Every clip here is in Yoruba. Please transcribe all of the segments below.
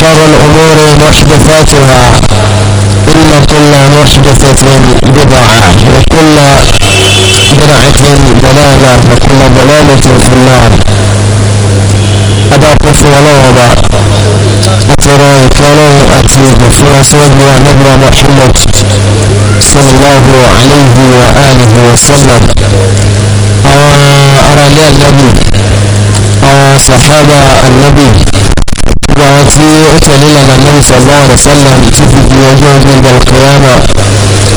شر الأمور محدثاتها إن كل محدثة بضاعة وكل بدعة دلالة وكل دلالة في النار أبا قفوا أبا أترى كانوا أتي فيها سيدنا نبي محمد صلى الله عليه وآله وسلم أرى لي النبي أرى صحابة النبي gbogbo àwọn tí ó tẹ̀lé ìlànà náà sọ̀rọ̀ rẹ̀ fẹ́lẹ̀ títí di ọjọ́ ọdún ìgbà kẹyàmà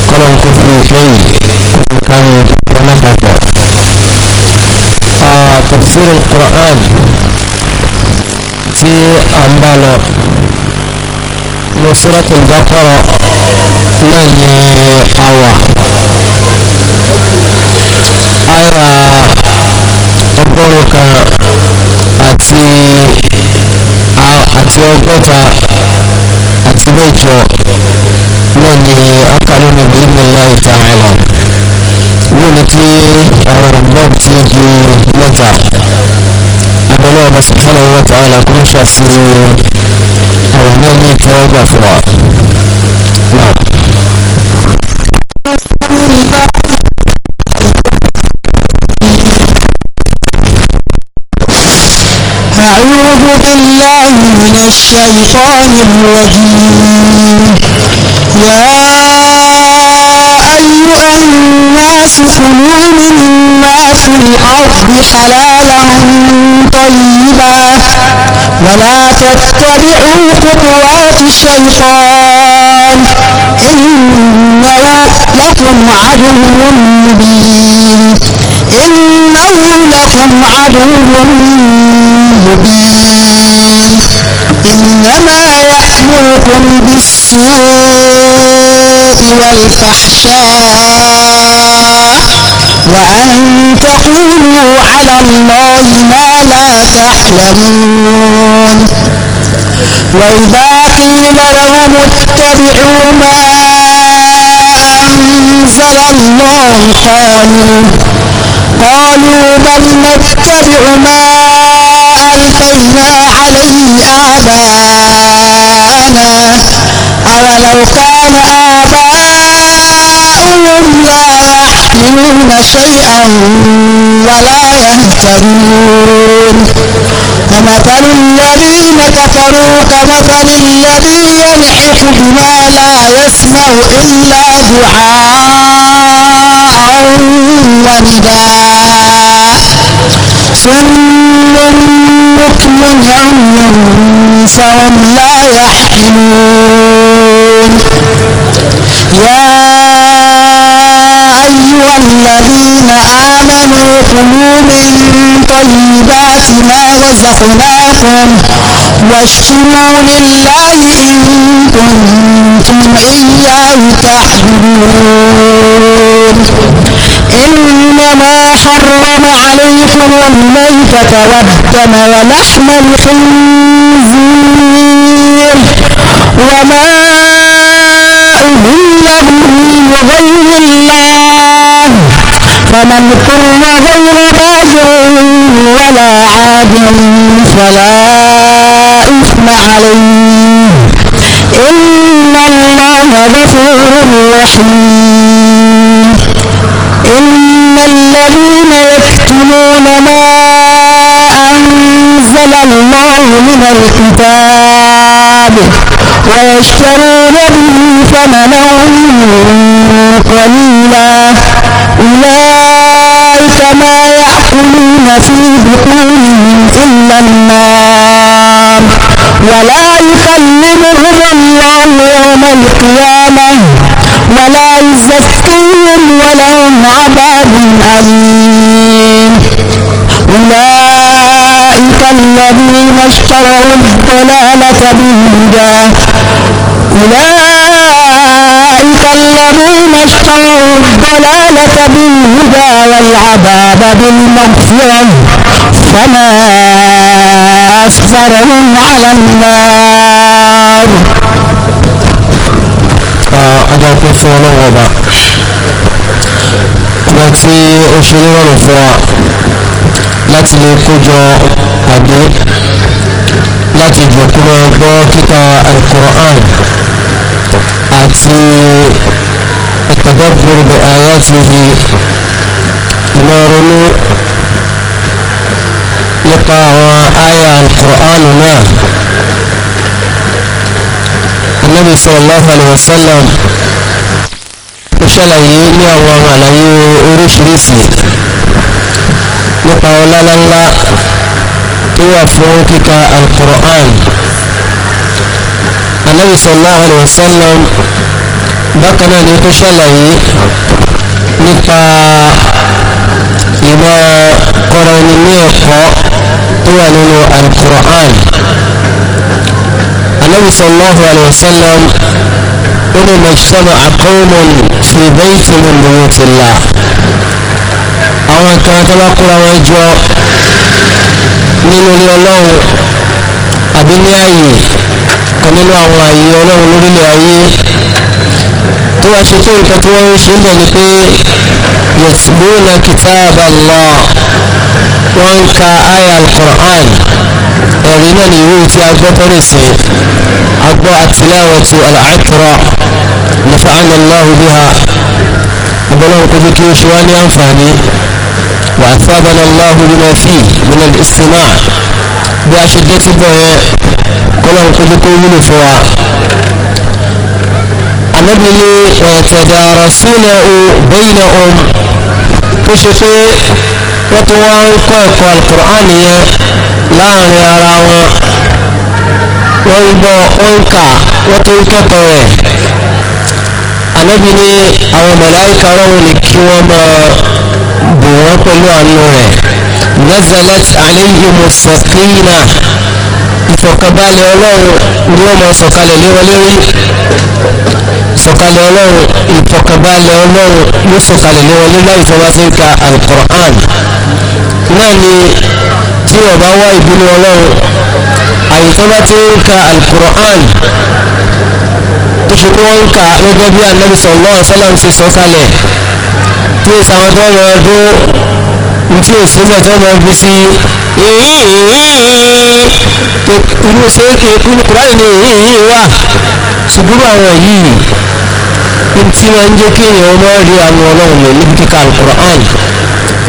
kọ́lọ̀ kó fi ìfẹ́ yìí kó kárí ọ̀nà papọ̀. tafsir al-Qur'an tí a ń bá lọ ní Suratul Baqara náà ní àwà àyà ọgọ́rùn kan àti àti ọgọ́ta àti mẹ́jọ náà ni akàlù ní bíbélà ìtààlà yóò ní kí ọ̀rọ̀ náà tí ó di mẹ́ta abẹ́lẹ́ ọba sàkánà wọn tààlà kó ń ṣàfihàn ọ̀rọ̀ náà ní ìtẹ́wọ́gbà fún wa. أعوذ بالله الشيطان الرجيم يا أيها الناس كلوا مما في الأرض حلالا طيبا ولا تتبعوا خطوات الشيطان إنه لكم عدو مبين إنه لكم عدو مبين إنما يأمركم بالسوء والفحشاء وأن تقولوا على الله ما لا تعلمون وإذا قيل لهم اتبعوا ما أنزل الله قالوا قالوا بل نتبع ما ألقينا عليه آباءنا أولو كان آباؤهم لا يحملون شيئا ولا يهتدون ومثل الذين كفروا كمثل الذي ينحق بما لا يسمع إلا دعاء ونداء ثم بكم عمي فهم لا يحكمون يا أيها الذين آمنوا كلوا من طيبات ما رزقناكم واشكروا لله إن كنتم إياه تعبدون إنما حرم الخيط والميتة والدم ولحم الخنزير وما أهل لغير الله فمن كر غير باغ ولا عاد فلا بالهدى أولئك الذين اشتروا الضلالة بالهدى والعذاب بالمغفرة فما أصبرهم على النار أدعوكم في الله ọba tí ó ṣe fún wa láti lè kójọ àdé láti ìjọkúnmọ́ gbọ́ kíkà alukur'an àti ìtàgbàgbọ́n bẹ̀ ayé ti fi ìmọ̀rúnú nípa àwọn ayé alukur'an náà. Ànábì sallallahu alayhi wa sallam ó ṣàlàyé ní àwọn àlàyé oríṣiríṣi nípa ọlá ńláńlá tó wà fún kíka al-Qur'an anabi sallallahu alayhi wa sallam bákan náà ni ó ṣàlàyé nípa ìmọ̀ kọ́ra ẹni ní ẹ̀kọ́ tó wà nínú al-Qur'an anabi sallallahu alayhi wa sallam ó ní majtama'a qawmun fi baytin min buyutillah àwọn kan tó bá kóra wọn jọ nínú ilé ọlọ́run àbí ní ààyè kan nínú àwọn ààyè ọlọ́run lórílẹ̀ ayé tó wá ṣe pé nǹkan tí wọ́n ń ṣe ń bẹ̀ ni pé yasbuna kitab Allah wọ́n ń ka aya al-Qur'an ẹ̀rí náà ni ìwé tí a gbọ́ tọ́lẹ̀sẹ̀ a gbọ́ àtìláwọ̀tì al-Atra nafa'ana Allahu biha abọ́lọ́run kò jẹ́ kí ó ṣe wá ní àǹfààní وأثابنا الله بما فيه من الاستماع بأشدة بها كل القدقون فوا النبي ويتدارسونه بينهم كشفي وتوان كوكو القرآن لا يرى wọ́n gbọ́ wọ́n kà wọ́n tó ń kẹ́kọ̀ọ́ rẹ̀ anábì àwọn mọ̀láìkà ọlọ́run lè kí wọ́n máa bò wọ́n pẹ̀lú àánú rẹ̀ nazalat alayhi musakina ìfọ̀kànbalẹ̀ ọlọ́run ni wọ́n máa sọ̀kalẹ̀ lé wọn lérí sọ̀kalẹ̀ ọlọ́run ìfọ̀kànbalẹ̀ ọlọ́run ló sọ̀kalẹ̀ lé wọn lérí láì fọwọ́ sí ka alukur'an náà ni tí wọ́n bá wá ìbínú ọlọ́run àyíkọ́bá ti ń ka alukur'an tó ṣe pé wọ́n ń ka gẹ́gẹ́ bí anabi sallallahu alaihi wasallam ṣe sọ̀kalẹ̀ tí èsì àwọn tó lọ dún ntí èsì mẹ tó lọ fi sí inú sèké inú kúránì ni èyí wà ṣùgbọ́n àwọn yìí ntí wọn jẹ́ kéèyàn ọmọ rí àwọn ọlọ́run lò níbi kíkà alukur'an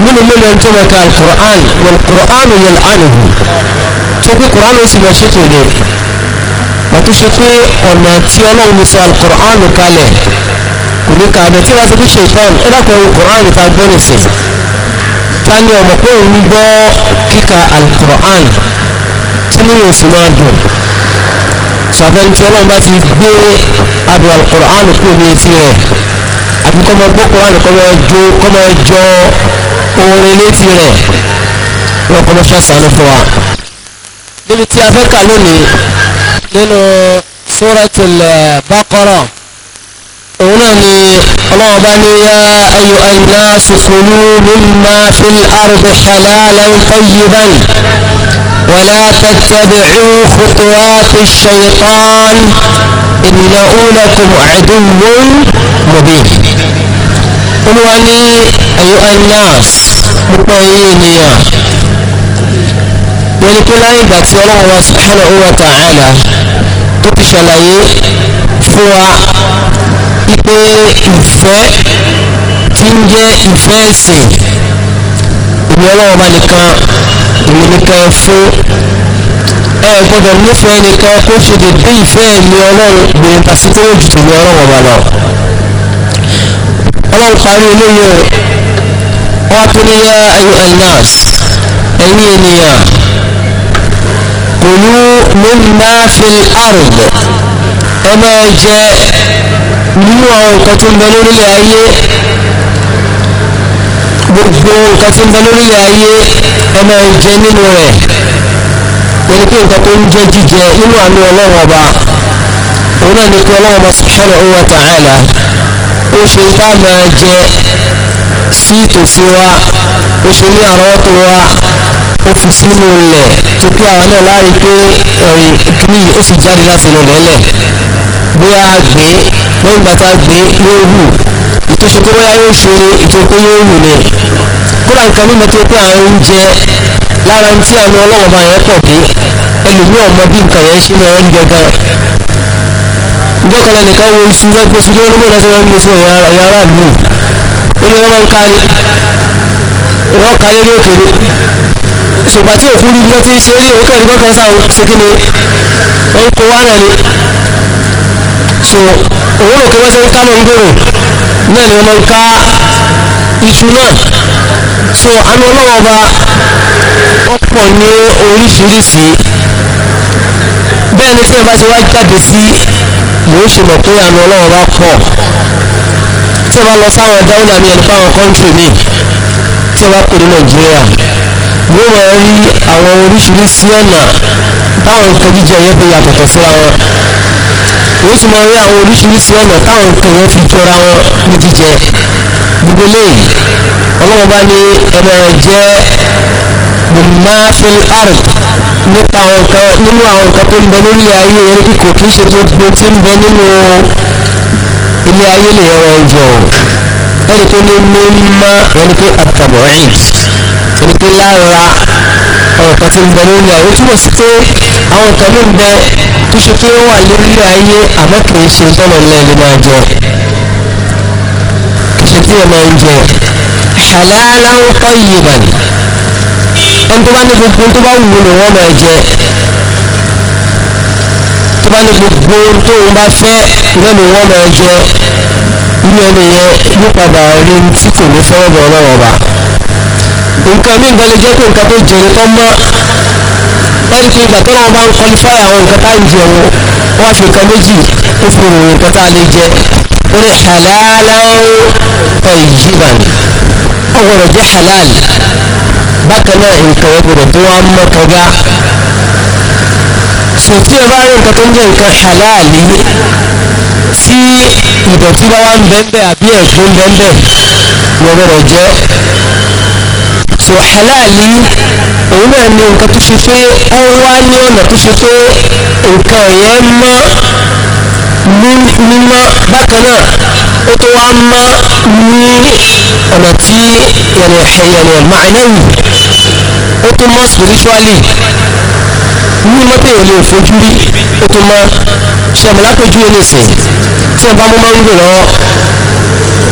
nínú mílíọ̀n tó lọ ka alukur'an wọn kur'an yẹn lánàá tó kí kur'an ó sì lọ ṣètò rẹ̀ wọ́n ti ṣe pé ọ̀nà tí ọlọ́run sọ alukur'an kalẹ̀ kò ní ka abẹ tí wọ́n ti fi ṣe ìfọ́n ẹ dákun ẹ̀wọ̀n Quran ta gbọ́ nìsín ta ni ọmọ pé òun gbọ́ kíka al-Quran tí mi ò sì máa dùn sọfẹ́ni tí ọlọ́run bá ti gbé adùn al-Quran kú ní etí rẹ̀ àbí kọ́ máa gbọ́ Quran kọ́ máa jó kọ́ máa jọ orin létí rẹ̀ wọ́n kọ́ ṣàṣàánú fún wa. níbi tí a fẹ́ kà lónìí nínú Suratul Baqarah òun náà ni ọlọ́wọ́ bá ní yá ayò àyìnlá sùkúrú mímá fi àrùbí xalálà fọyí báyìí wàlá tàtàbícú kùtùwà fi ṣèyítán ìnà òlàkùn àdúgbòn mọ̀bí. olúwa ní ayò àyìnlá púpọ̀ yìí nìyà wọ́n ní pé láyé ìgbà tí ọlọ́wọ́ wa subhanahu wa ta'ala tó ti ṣàlàyé fún wa wípé ìfẹ́ tí ń jẹ́ ìfẹ́ ẹ̀sìn ìwé ọlọ́wọ́ bá nìkan èmi nìkan fún ẹ gbọ́dọ̀ nífẹ̀ẹ́ nìkan kó ṣe dédé ìfẹ́ mi ọlọ́run gbèrè pàṣípò jù tèmi ọlọ́wọ́ bá lọ. ọlọ́run parí eléyìí o wọ́n á tó ní yá ayọ̀ ẹ̀nàs ẹ̀yìn ènìyàn kulu mimma fil ẹ máa jẹ nínú àwọn nǹkan tó ń bẹ lórílẹ̀ ayé gbogbo nǹkan tó ń bẹ lórílẹ̀ ayé ẹ máa ń jẹ nínú rẹ̀ wọ́n ní pé nǹkan tó ń jẹ jíjẹ nínú àánú ọlọ́run ọba òun náà ní pé ọlọ́run ọba subhanahu wa ta'ala ó ṣe ká máa jẹ sí ìtòsí wa ó ṣe ní àrọ́wọ́tò wa ó fi sínú ilẹ̀ tó pé àwọn náà láàrin pé ẹ̀rìn kìíní ó sì jáde láti inú ilẹ̀ bóyá gbé lẹ́yìn ìgbà tá a gbé yóò hù ìtòsí pé bóyá yóò ṣe ètò pé yóò hù ni kódà nǹkan mímọ́ tó pé à ń jẹ lára tí àwọn ọlọ́wọ́ bá yẹn pọ̀ dé ẹlòmíì ọmọ bí nǹkan yẹn ṣe máa ń jẹ gan ìjọ kan lẹ́nìkan wo iṣu lẹ́gbẹ́ sí lórí mọ́ra tí wọ́n gbé sí ọ̀yà ara mi ó ní wọ́n máa ń kárí wọ́n kárí ní òkèèrè ṣùgbà tí òfin ní bí wọ́n ti ń ṣe é ní òkèèrè so òun rò pé wọ́n ṣe ń ká mọ̀ ń gbòòrò náà ni wọ́n máa ń ká iṣu náà so àmì ọlọ́wọ́ ọba ọ̀pọ̀ ní oríṣiríṣi bẹ́ẹ̀ ni tí ẹ bá ṣe wá jáde sí ló ṣe mọ̀ pé àmì ọlọ́wọ́ bá pọ̀ tí ẹ bá lọ sáwọn dáhùn àmì ẹni fáwọn kọ́ńtì mi tí ẹ bá pè ní nàìjíríà ló máa rí àwọn oríṣiríṣi ọ̀nà báwọn nǹkan jíjẹ yẹn fi yàtọ̀tọ̀ síra wọn o sì mọ rí àwọn oríṣiríṣi ọ̀nà táwọn nǹkan yẹn fi jọra wọn ní jíjẹ gbogbo léyìí ọlọ́run bá ní ẹ̀rọ jẹ́ mọ̀máfíl àrùn nípa àwọn nǹkan nínú àwọn nǹkan tó ń bẹ lórí ayé rẹ kíkò kì í ṣe gbogbo tí ń bẹ nínú ilé ayé lè ẹ̀rọ jọ ẹni tó ní mímá ẹni pé àtàbọ̀ ẹ̀yìn ẹni pé lára ọ̀rọ̀ kan ti ń bẹ lórí ayé túbọ̀ sí pé àwọn nǹkan ló ń bẹ kìí ṣe pé ó wà lórílẹ̀ ayé àmọ́ kìí ṣe tọ́lọ̀ náà lè máa jẹ kìí ṣe tí ẹ máa ń jẹ halalan tayyiban ẹni tó bá ní gbogbo tó bá wù ni wọ́n máa jẹ tó bá ní gbogbo tó ń bá fẹ́ náà ni wọ́n máa jẹ irú ẹni yẹn yóò padà rí tí kò ní fọwọ́ bọ̀ ọlọ́wọ́ bá nǹkan mí nǹkan lè jẹ́ pé nǹkan tó jẹ ní tọ́ mọ́ ẹni kí ìgbà tọ́lọ́wọ́ bá ń kọlifáì àwọn nǹkan tá à ń jẹ wọn wọ́n fi nǹkan méjì ó fi ròyìn nǹkan tá a lè jẹ ó ní halalan tayyiban ó gbọ́dọ̀ jẹ́ halal bákan náà nǹkan ó gbọ́dọ̀ tó wá mọ́ kọjá sòtí ẹ bá rí nǹkan tó ń jẹ́ nǹkan halal yìí tí ìdọ̀tí bá wà ń bẹ́ńbẹ́ àbí ẹ̀gbọ́n bẹ́ńbẹ́ wọ́n gbọ́dọ̀ jẹ́ so halali òun náà ni nǹkan tó ṣe pé ó wá ní ọ̀nà tó ṣe pé nǹkan yẹn mọ́ mímọ́ bákan náà ó tó wá mọ́ ní ọ̀nà tí yẹ̀rẹ̀ yẹ̀rẹ̀ màánáwì ó tó mọ́ spiritually mímọ́ pé èèyàn lè fojú rí ó tó mọ́ ṣẹ̀mọ̀ lápẹjú ẹ̀ lè tí ẹ bá mú mọ́ngò lọ́wọ́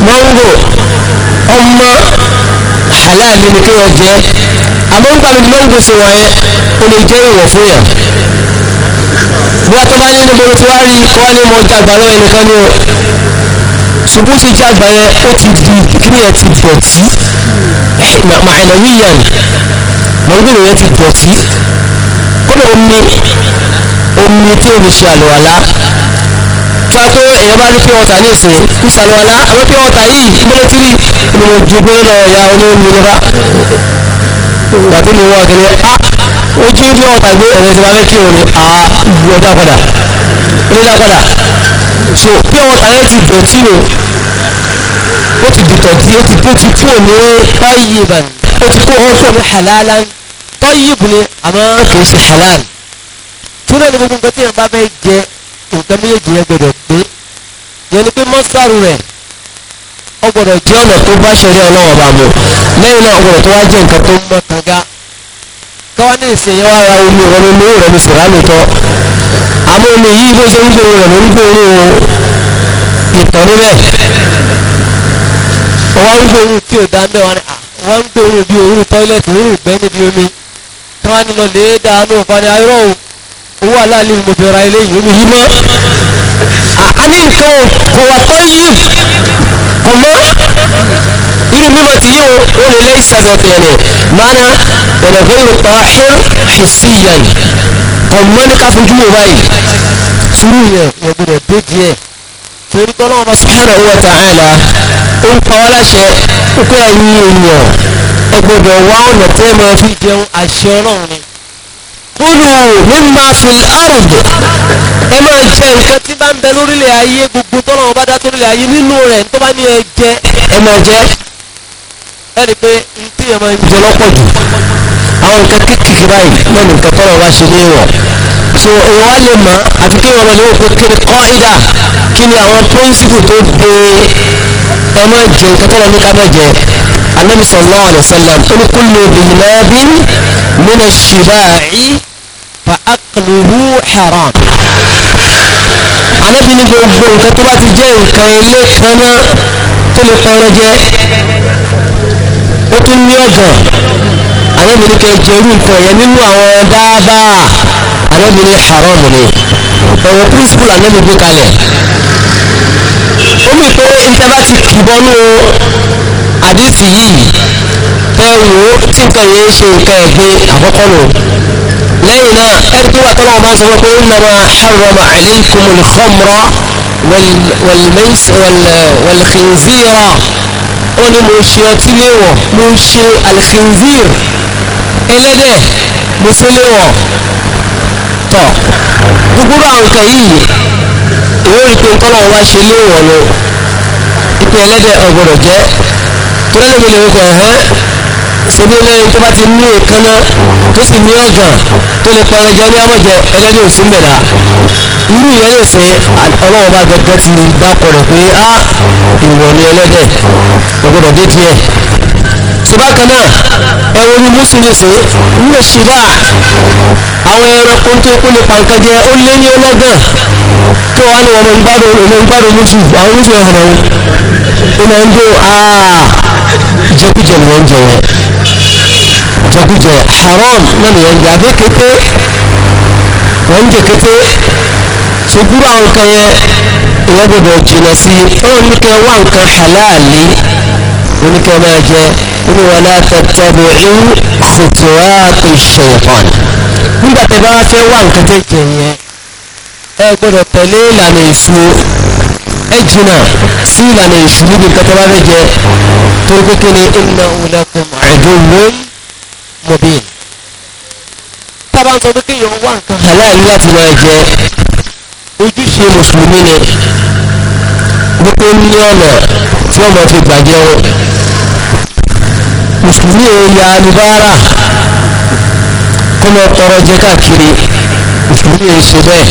mọ́ngò ọmọ halal ni kí wọ́n jẹ́ àmọ́ ń gbàgbé ló ń gbèsè wọ̀nyẹn ó lè jẹ́ ìwọ̀ fún yàn bí wọ́n tó bá ní níbo ló ti wá rí kọ́ ni mo jàgbá lọ́wọ́ ẹnìkan ní o ṣùgbọ́n ṣe jàgbá yẹn ó ti di kíni yẹn ti dọ̀tí màhìnàwí yàn mọ̀lúgbìn yẹn ti dọ̀tí kọ́nà omi omi tí omi ṣe àlùwàlá tí wọ́n pé èèyàn bá ní pé ọ̀tà ní ìsìn ìsàlùwàlá àwọn pé ọ̀tà yìí ìgbọ́lótìrí ni mo ju pé lọ ya olóòlù lọ́ba gbàtí mo wọ ọ̀kẹ́lẹ́ a ah, ojú ní ọ̀tà gbé ẹ̀rẹ́ ti máa fẹ́ kí òní a ah, ọjà padà ọjà padà so pé ọ̀tà yẹn ti dọ̀tí o ó ti dìtọ̀tí ó ti dọ̀tí tí ò ní báyìí báyìí ó ti kó ọ̀fọ̀ mi halalan tayyib ni àmọ́ kì í ṣe halal tí ó gbogbo nǹkan tí yẹn bá fẹ́ jẹ nǹkan méjèèjì yẹn gbọdọ̀ pé yẹn ni pé mọ́sáàrù rẹ̀ ó gbọ́dọ̀ jẹ́ ọ̀nà tó bá ṣẹlẹ̀ ọlọ́wọ́ bá mu lẹ́yìn náà ó gbọ́dọ̀ tó wá jẹ́ nǹkan tó ń mọ́ kanga káwá ní ìsìn yẹn wá ra omi ọ̀rọ̀ mi lówó rẹ̀ mi sì rà lóòótọ́ àmọ́ omi yìí bó ṣe ń gbòòrò rẹ̀ ló ń gbòòrò ìtọ̀ níbẹ̀ wọ́n ń gbòòrò tí ò dá mẹ́wàá ni wọ́n ń gbòòrò bí òórùn tọ́ílẹ̀tì òórùn ìgbẹ́ níbi omi káwá ní lọ lèé dáa ní òfà ayọ́ owó aláàlẹ́ mo fi ra eléyìí omi yìí mọ́ àní nǹkan kò wà tọ́ yìí gùnmọ́ irú mímọ̀ tí yíò ó lè lé ìsàbẹ̀tẹ̀ẹ̀nì mana ẹ̀rẹ̀gbẹ̀rún pàṣẹ ṣìṣìyàn gùnmọ́ ní ká fojú wò báyìí sùúrù yẹn kò gbọdọ̀ dé díẹ̀ torí tọ́lọ́ ọmọ subhanahu wa ta'ala ó ń pa wá láṣẹ ó pé ẹ̀yin èèyàn ẹ gbọdọ̀ wá ọ̀nà tẹ́ máa fi jẹun àṣẹ ọlọ́run ni kúlù mímà fil ard ẹ máa jẹ nǹkan tí bá ń bẹ lórílẹ̀ ayé gbogbo tọ́lọ̀ wọn bá dá torílẹ̀ ayé nínú rẹ̀ tó bá ní ẹ jẹ ẹ máa jẹ ẹ rí i pé n tí ẹ máa ń jẹ lọ́pọ̀ jù àwọn nǹkan kékeré báyìí náà nǹkan tọ́lọ̀ wá ṣe ní ìwọ̀ so èèyàn wá lè mọ̀ àti kí wọn lọ lówó pé kí ni kọ́ídà kí ni àwọn píríncípù tó de ẹ máa jẹ nǹkan tọ́lọ̀ ní ká máa jẹ anabi sallallahu alayhi wa fa akluhu haram anabi ní gbogbo nǹkan tó bá ti jẹ́ nǹkan ilé kaná tó lè pẹrẹ jẹ ó tún ní ọ̀gàn anabi ní kẹjẹ irú nǹkan yẹn nínú àwọn dáadáa anabi ní haram ni ọ̀rọ̀ principle anabi gbé kalẹ̀ ó mì pé nǹkan ti kìbọnú àdìsí yìí tẹ wò ó tí nǹkan yẹn ṣe nǹkan ẹ̀gbin àkọ́kọ́ nù. لينا ارتوا كلام هذا وقلنا ما حرم عليكم الخمر وال والميس وال والخنزير أني مشيتيه مشي الخنزير إلى ده مسلوه تا دكورا كهيل يقول كم كلام الله شلوه إنه إتى إلى ده أبو رجاء ترى لما يقول ها sẹ́ni lẹ́yìn tó bá ti ní èékánná tó sì ní ọ̀gàn tó lè pọnrọ jẹ ní amọ̀jẹ ẹlẹ́ni ò sí ń bẹ̀rẹ̀ irú ìyẹn lè sẹ́ ọlọ́wọ́ bá gẹ́gẹ́ ti dákọ̀ rẹ̀ pé á ìwọ ni ẹlẹ́dẹ̀ ọgbọ́dọ̀ dé tiẹ̀ sọ́bákan náà ẹ̀wọ̀n ni mùsùlùmí ṣe ń lè ṣe bá àwọn ẹranko tó kó lè pa nǹkan jẹ ó lé ní ọlọ́gàn tó wà ní ọmọ ìgbádùn olóńgbádùn lójú àwọn oníṣẹ́ ọ̀hún ọ̀hún ó máa ń dó aaa jẹkújẹ ni wọ́n jẹ yẹn jẹkújẹ haram náà ni wọ́n jẹ abẹ́ kété wọ́n jẹ kété sukuru àwọn kan yẹn ìwọ́n gbọdọ̀ jìnnà sí i ó ní kẹ́ wá nǹkan halali ó ní kẹ́ máa jẹ ó ní wala tattabi'u khutuwati shaytan nígbà tẹ́ bá fẹ́ wá nǹkan tẹ́ jẹ yẹn ẹ gbọdọ̀ tẹ̀lé ìlànà èṣù ẹ jìnnà sí ìlànà èṣù níbi nǹkan tẹ́ bá fẹ́ jẹ torí pé kí ni innahu lakum aduwwun mubin tábà ń sọ pé kéèyàn wá nǹkan halal láti máa jẹ ojúṣe mùsùlùmí ni wípé ní ọ̀nà tí ọmọ fi gbàjẹ́ o mùsùlùmí ò ya alubára kó lọ tọrọ jẹ káàkiri mùsùlùmí ò ṣe bẹ́ẹ̀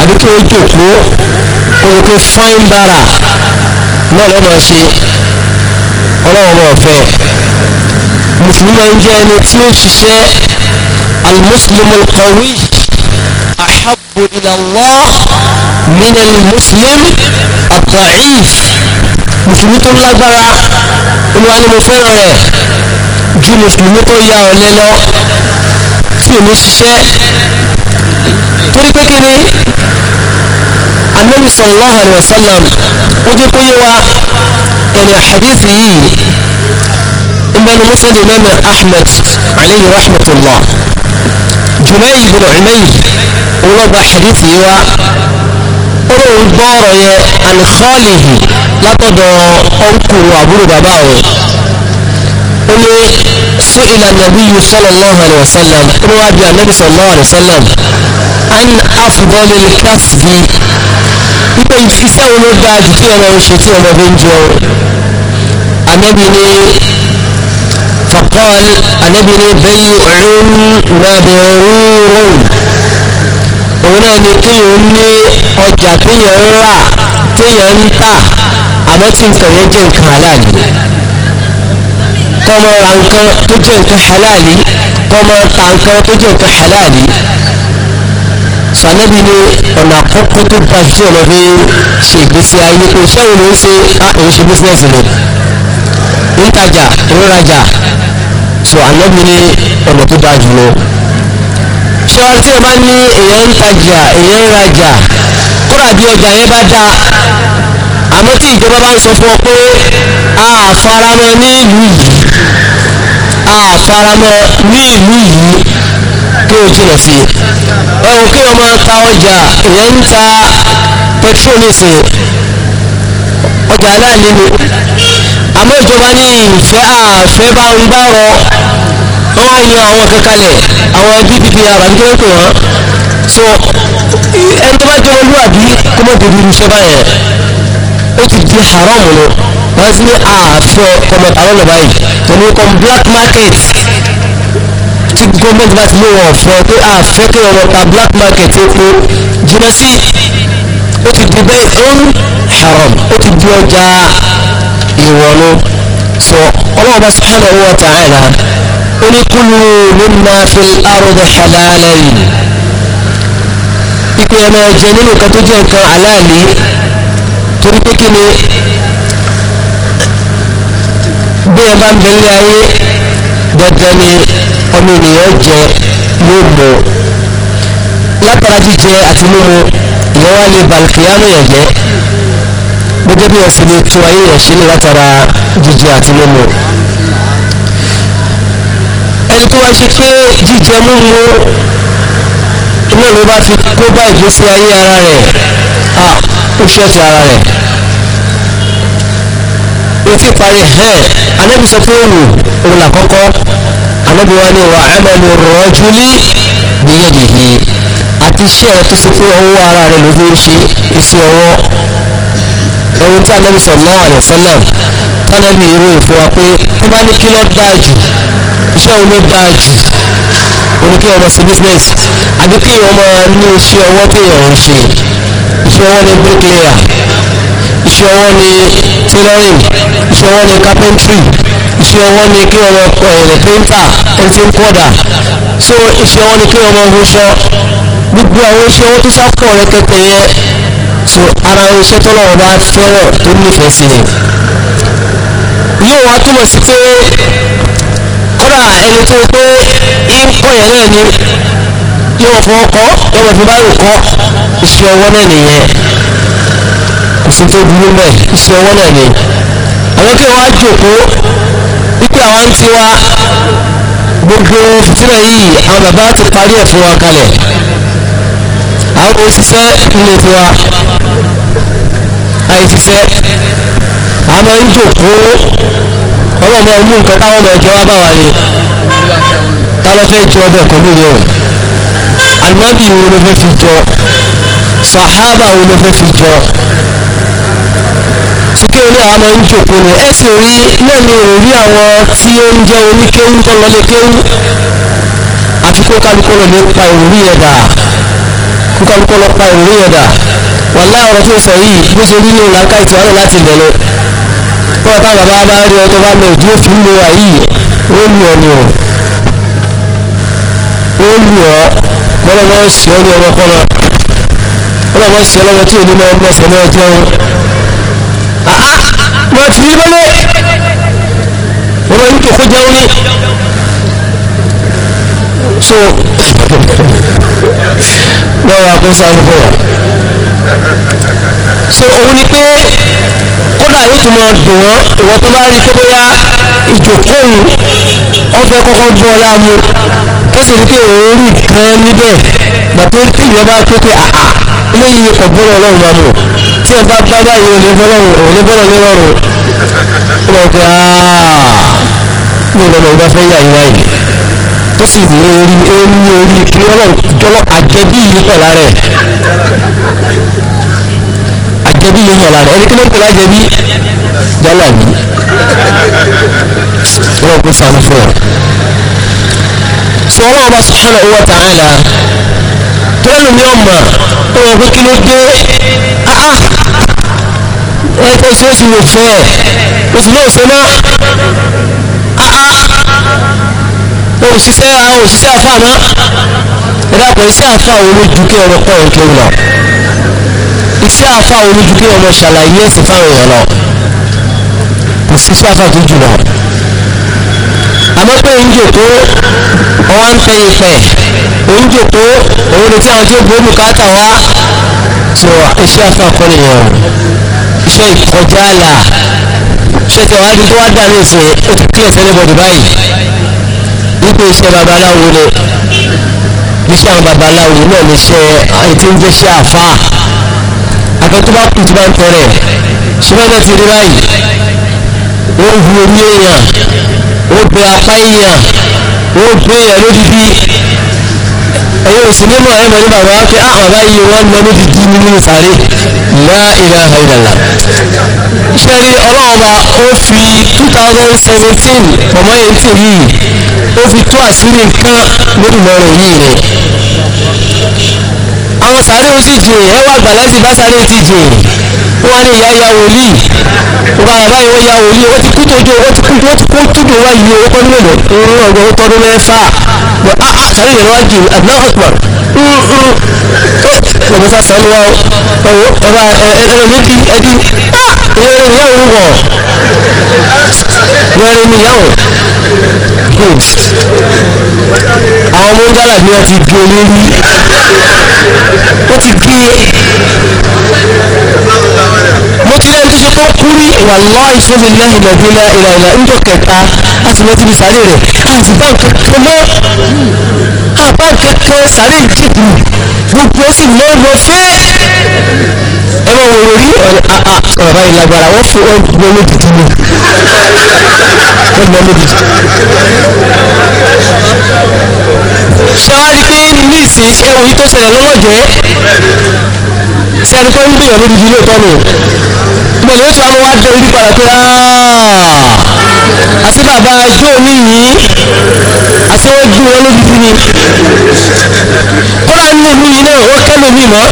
àbí kí o jòkó o rò fáin bára náà lọ́mọ ṣe ọlọ́run ọ̀fẹ́ mùsùlùmí ń jẹ́ ẹni tí ó ṣiṣẹ́ al-muslimu al-qawi ahabbu ila Allah min al-muslim ad-da'if mùsùlùmí tó lágbára olúwa ni mo fẹ́ràn rẹ̀ ju mùsùlùmí tó ya ọ̀lẹ lọ tí ò ní ṣiṣẹ́ torí pé kí alayhi wa sallam ó jẹ́ pé wa ẹni àhàdíìsì yìí ń bẹnu musnad imam ahmed alayhi rahmatullah junayd bin umayr olóògbà àhàdíìsì yìí wá olóòwò gbọ́ ọ̀rọ̀ yẹn an khalihi látọ̀dọ̀ ọ̀nkù àbúrò bàbá rẹ̀ ó ní sí ìlànà nabiyyu sallallahu alayhi wa sallam ó ní wá bí anabi sallallahu alayhi wa sallam an afdalil kasbi wípé iṣẹ́ wo ló dáa jù kí ọmọ ń ṣe tí ọmọ fi ń jẹun anabi ni faqal anabi ni bẹ́yì ọ̀rún nàbẹ̀rún òun náà ni kéèyàn ní ọjà kéèyàn ń rà kéèyàn ń tà àmọ́ tí nǹkan yẹn jẹ́ nǹkan aláàlú kọ́mọ ra nǹkan tó jẹ́ nǹkan aláàlú kọ́mọ ta nǹkan tó jẹ́ nǹkan aláàlú sànẹ́bí ni ọ̀nà àkọ́kọ́ tó bá ju ọ̀nà fi ṣe ìgbésí ayé kò iṣẹ́ òun ló ń ṣe á èyí ṣe bísíǹsì ni ìtajà ìrajà so ànẹ́bí ni ọ̀nà tó bá jù lọ. ṣé wàá tí o bá ní èèyàn ń tajà èèyàn ń rajà bí ọjà yẹn bá dáa àmọ́ tí ìjọba bá ń sọ fún ọ pé a faramọ́ ní ìlú yìí a faramọ́ ní ìlú yìí kí o jìnà sí ẹ̀wọ̀n kí ọmọ ta ọjà ìyẹn ń ta pẹtrólìsì ọjà aláàlẹ́ ni àmọ́ ìjọba ní ìfẹ́ àfẹ́ bá ń gbárọ̀ wọ́n wá yan àwọn kankanlẹ̀ àwọn dpp àbájọ́ pé wọ́n so ẹni tó bá jẹ́ olúwàbí kó mọ̀ bèbí irúṣẹ́ báyẹn ó ti di haram lọ wọ́n ti ní àfẹ́ kọmọtàwọn lọ báyìí pẹ̀lú kọ́m black market tí gọ́ọ̀mẹ̀ntì bá ti lé wọn ọ̀fẹ́ pé a ah, fẹ́ kí ọmọ ta black market epo jìnnà sí ó ti di bẹ́ẹ̀ ọ̀hún haram ó ti di ọjà ìwọ̀nù sọ ọlọ́wọ́ bá subhanahu wa ta'ala ó ní kúlù mimma fil ardi ìpè ẹ̀mọ ẹ̀jẹ̀ nínú nǹkan tó jẹ́ nǹkan aláàlẹ́ torí pé ni bí ẹ bá ń bẹ̀rẹ̀ ayé dandan ni ọmọ ènìyàn jẹ yóò mọ látara jíjẹ àti mímu ìyẹn wá lè balùkìyàmù yẹn jẹ gbogbo bí wọn sì lè tún ayé yẹn ṣe ní látara jíjẹ àti mímu ẹni tó wá ṣe pé jíjẹ mímu náà ló bá fi kó bá ìgbésí ayé ara rẹ̀ à ó ṣẹ̀tì ara rẹ̀ òfin parí ẹ̀ anábì pé òwò òun là ànábi wa ni wà amalu rajuli biyadihi àti iṣẹ́ tó ṣe pé ọwọ́ ara rẹ̀ ló fi ń ṣe iṣẹ́ ọwọ́ ohun tí ànábi sallallahu alaihi wasallam tánàbí irú ìfún wa pé tó bá ní kí ló dáa jù iṣẹ́ òun ló dáa jù òun kí ọmọ sí business àbí kí ọmọ ní iṣẹ́ ọwọ́ téèyàn ń ṣe iṣẹ́ ọwọ́ ni bricklayer iṣẹ́ ọwọ́ ni tailoring iṣẹ́ ọwọ́ ni carpentry iṣẹ́ ọwọ́ ni kí ọmọ ẹ̀rẹ̀ píńtà ẹni tí ń kọ́dà so iṣẹ́ ọwọ́ ni kí ọmọ ọhún sọ gbogbo àwọn iṣẹ́ ọwọ́ tó sápọ̀ rẹ kẹtẹ yẹ so ara iṣẹ́ tọ́lọ̀ ọba fẹ́ràn tó nífẹ̀ẹ́ sí ni yóò wá túmọ̀ sí pé kọ́dà ẹni tó pé ń kọ́ yẹn náà ni yóò fọ́ kọ́ yóò fọ́ báyìí kọ́ iṣẹ́ ọwọ́ náà nìyẹn kò sí tó burú mẹ́ iṣẹ́ ọwọ́ náà ni àwọn kí wọ́n á jòkó àwa ń tiwa gbogbo fìtínà yìí àwọn bàbá ti parí ẹ̀ fún wa kalẹ̀ àwọn òṣìṣẹ́ ilé tiwa àìṣiṣẹ́ a máa ń jòkó ọlọ́mọ ọmú nǹkan táwọn ọmọ ẹ̀jẹ̀ wá bá wa ni ta ló fẹ́ jọ ọbẹ̀ kan lórí ọ̀rọ̀ ànábì wo ló fẹ́ fi jọ sàhábà wo ló fẹ́ fi jọ sókè ní àwọn máa ń jòkó ni ẹ sì rí náà ni òrí àwọn tí ó ń jẹ́ oníkéwú tó lọlé kéwú àti kó kálukú lọ lè pa ìròrí yẹn dà kó kálukú lọ pa ìròrí yẹn dà wàlá ọ̀rọ̀ tó sọ yìí bó ṣe rí ní òlànkà ìtì ọ̀rọ̀ láti bẹ̀rẹ̀ bọ́ọ̀ tá bàbá bá rí ọtọ́ bá lọ ìdí òfin lo àyè ó lù ọ́ ni ọ́ ó lù ọ́ bọ́lá bá ń ṣe ọ́ ní ọmọkọ́nà bọ́lá bá ń ṣe lọ́wọ́ tí ò وتجيبني وما يمكن خجوني so wọ́n wá kó sáré fún wa so òun ni pé kódà yóò tún máa dùn wọ́n ìwọ́n tó bá rí pé bóyá ìjòkóhùn ọ̀fẹ́ kọ́kọ́ bọ́ ọ láàmú tó sì rí pé òun rí gan níbẹ̀ gbàtó ìyọba pé pé àà eléyìí ni kò bọ́lọ̀ ọlọ́run bá mọ̀ tí ẹ bá bá báyìí òní bọ́lọ̀ òní bọ́lọ̀ nírọ̀rùn ó lọ pé mi ò lọ́nà ìgbà fẹ́ yà yín báyìí tó sì ní orí orí orí kí ọlọ́run jọlọ́ àjẹbí yìí pọ̀ lára ẹ̀ àjẹbí yìí pọ̀ lára ẹ̀ ẹni kí ló ń pè lájẹbí jálà yìí ọlọ́run kò sànù fún ọ. sọ ọlọ́run bá subhanahu wa ta'ala tọ́lù ní ọmọ òun kí ló dé ah, ah. ẹ̀kọ́ sí oṣù wò fẹ́ oṣù náà ṣe o òṣìṣẹ́ àwọn òṣìṣẹ́ àfà mọ́ ìdàpọ̀ iṣẹ́ àfà olójúkẹ́ ọmọ pọ̀ òkèwù lọ iṣẹ́ àfà olójúkẹ́ ọmọ ṣàlàyé ẹ̀sìn fáwọn èèyàn lọ kò sí iṣẹ́ àfà tó jù lọ àmọ́ pé ń jòkó ọwọ́ ń fẹ́ yí pẹ́ òun jòkó òun retí àwọn tí ó gbóòmù káàtà wá so iṣẹ́ afákọ́ni yẹn iṣẹ́ ìkọjá àlà iṣẹ́ tí wàá di tó wá dà ní ìsìn ó ti kílẹ̀ tẹ́lẹ̀ bọ̀dù báyìí wípé iṣẹ́ babaláwo ni iṣẹ́ àwọn babaláwo náà ní iṣẹ́ ètí ń jẹ́ iṣẹ́ àfa akẹ́tọ́ba kù tí wọ́n ń tọrẹ ṣùgbọ́n ti rí báyìí wọ́n hu orí èèyàn wọ́n bẹ apá èèyàn wọ́n bẹ èèyàn lódìdí ẹ̀yin ò sì nímọ̀ ẹ̀ mọ̀ ní bàbá wa pé ah bàbá yìí wọ́n lọ níbi dí nínú sáré la ilaha illallah ṣe rí ọlọ́ọ̀ba ó fi two thousand seventeen ọmọ eighteen yìí ó fi tú àṣírí nǹkan lórí lọ́rọ̀ yìí rẹ̀ àwọn sáré ó sì jìn ẹ wá gbà láti bá sáré ti jìn ó wá ní ìyá ya wòlíì ó bá bàbá yìí ó ya ó ti kú tójú ó ti kú tójú wá yìí ó kọ́ nílò ó ń rọ̀gbọ́n ó tọdún mẹ́fà sáré yẹn wájú Allahu Akbar ọmọ sá sanu wa ọwọ ọba ẹrọ níbi ẹdí wẹrẹ níyàwó wọ wẹrẹ níyàwó good àwọn mọ́ngàlá ni wọ́n ti gé lórí wọ́n ti gé. ṣe tó kú rí ìwà lọ́ọ̀ì sóbi ní ilẹ̀ ìpínlẹ̀ ìlà ìlà ńjọ kẹta láti lọ síbi sáré rẹ̀ àti bá kẹkẹ lọ àbá kẹkẹ sáré ìdìbò gbogbo ó sì lọ́ọ̀lọ́ fẹ́. ẹ bá wo orí ọ̀rọ̀ báyìí lágbára wọ́n fi wọ́n gbọ́ lójijì ni wọ́n gbọ́ lójijì. ṣé wàá rí pé ní ìsìn ṣé oyin tó ṣẹlẹ̀ lọ́lọ́jẹ́ ṣé ẹni tó ń gbìyànjú lójijì lóòótọ́ nù gbọ́n lórí tí wàá mú wá jọ ibi padà pé ah, àti bàbá ijó mi yìí àti wọ́n ju wọn lójú sí ni kọ́lá nínú mi yìí náà wọ́n kẹ́lò mi mọ́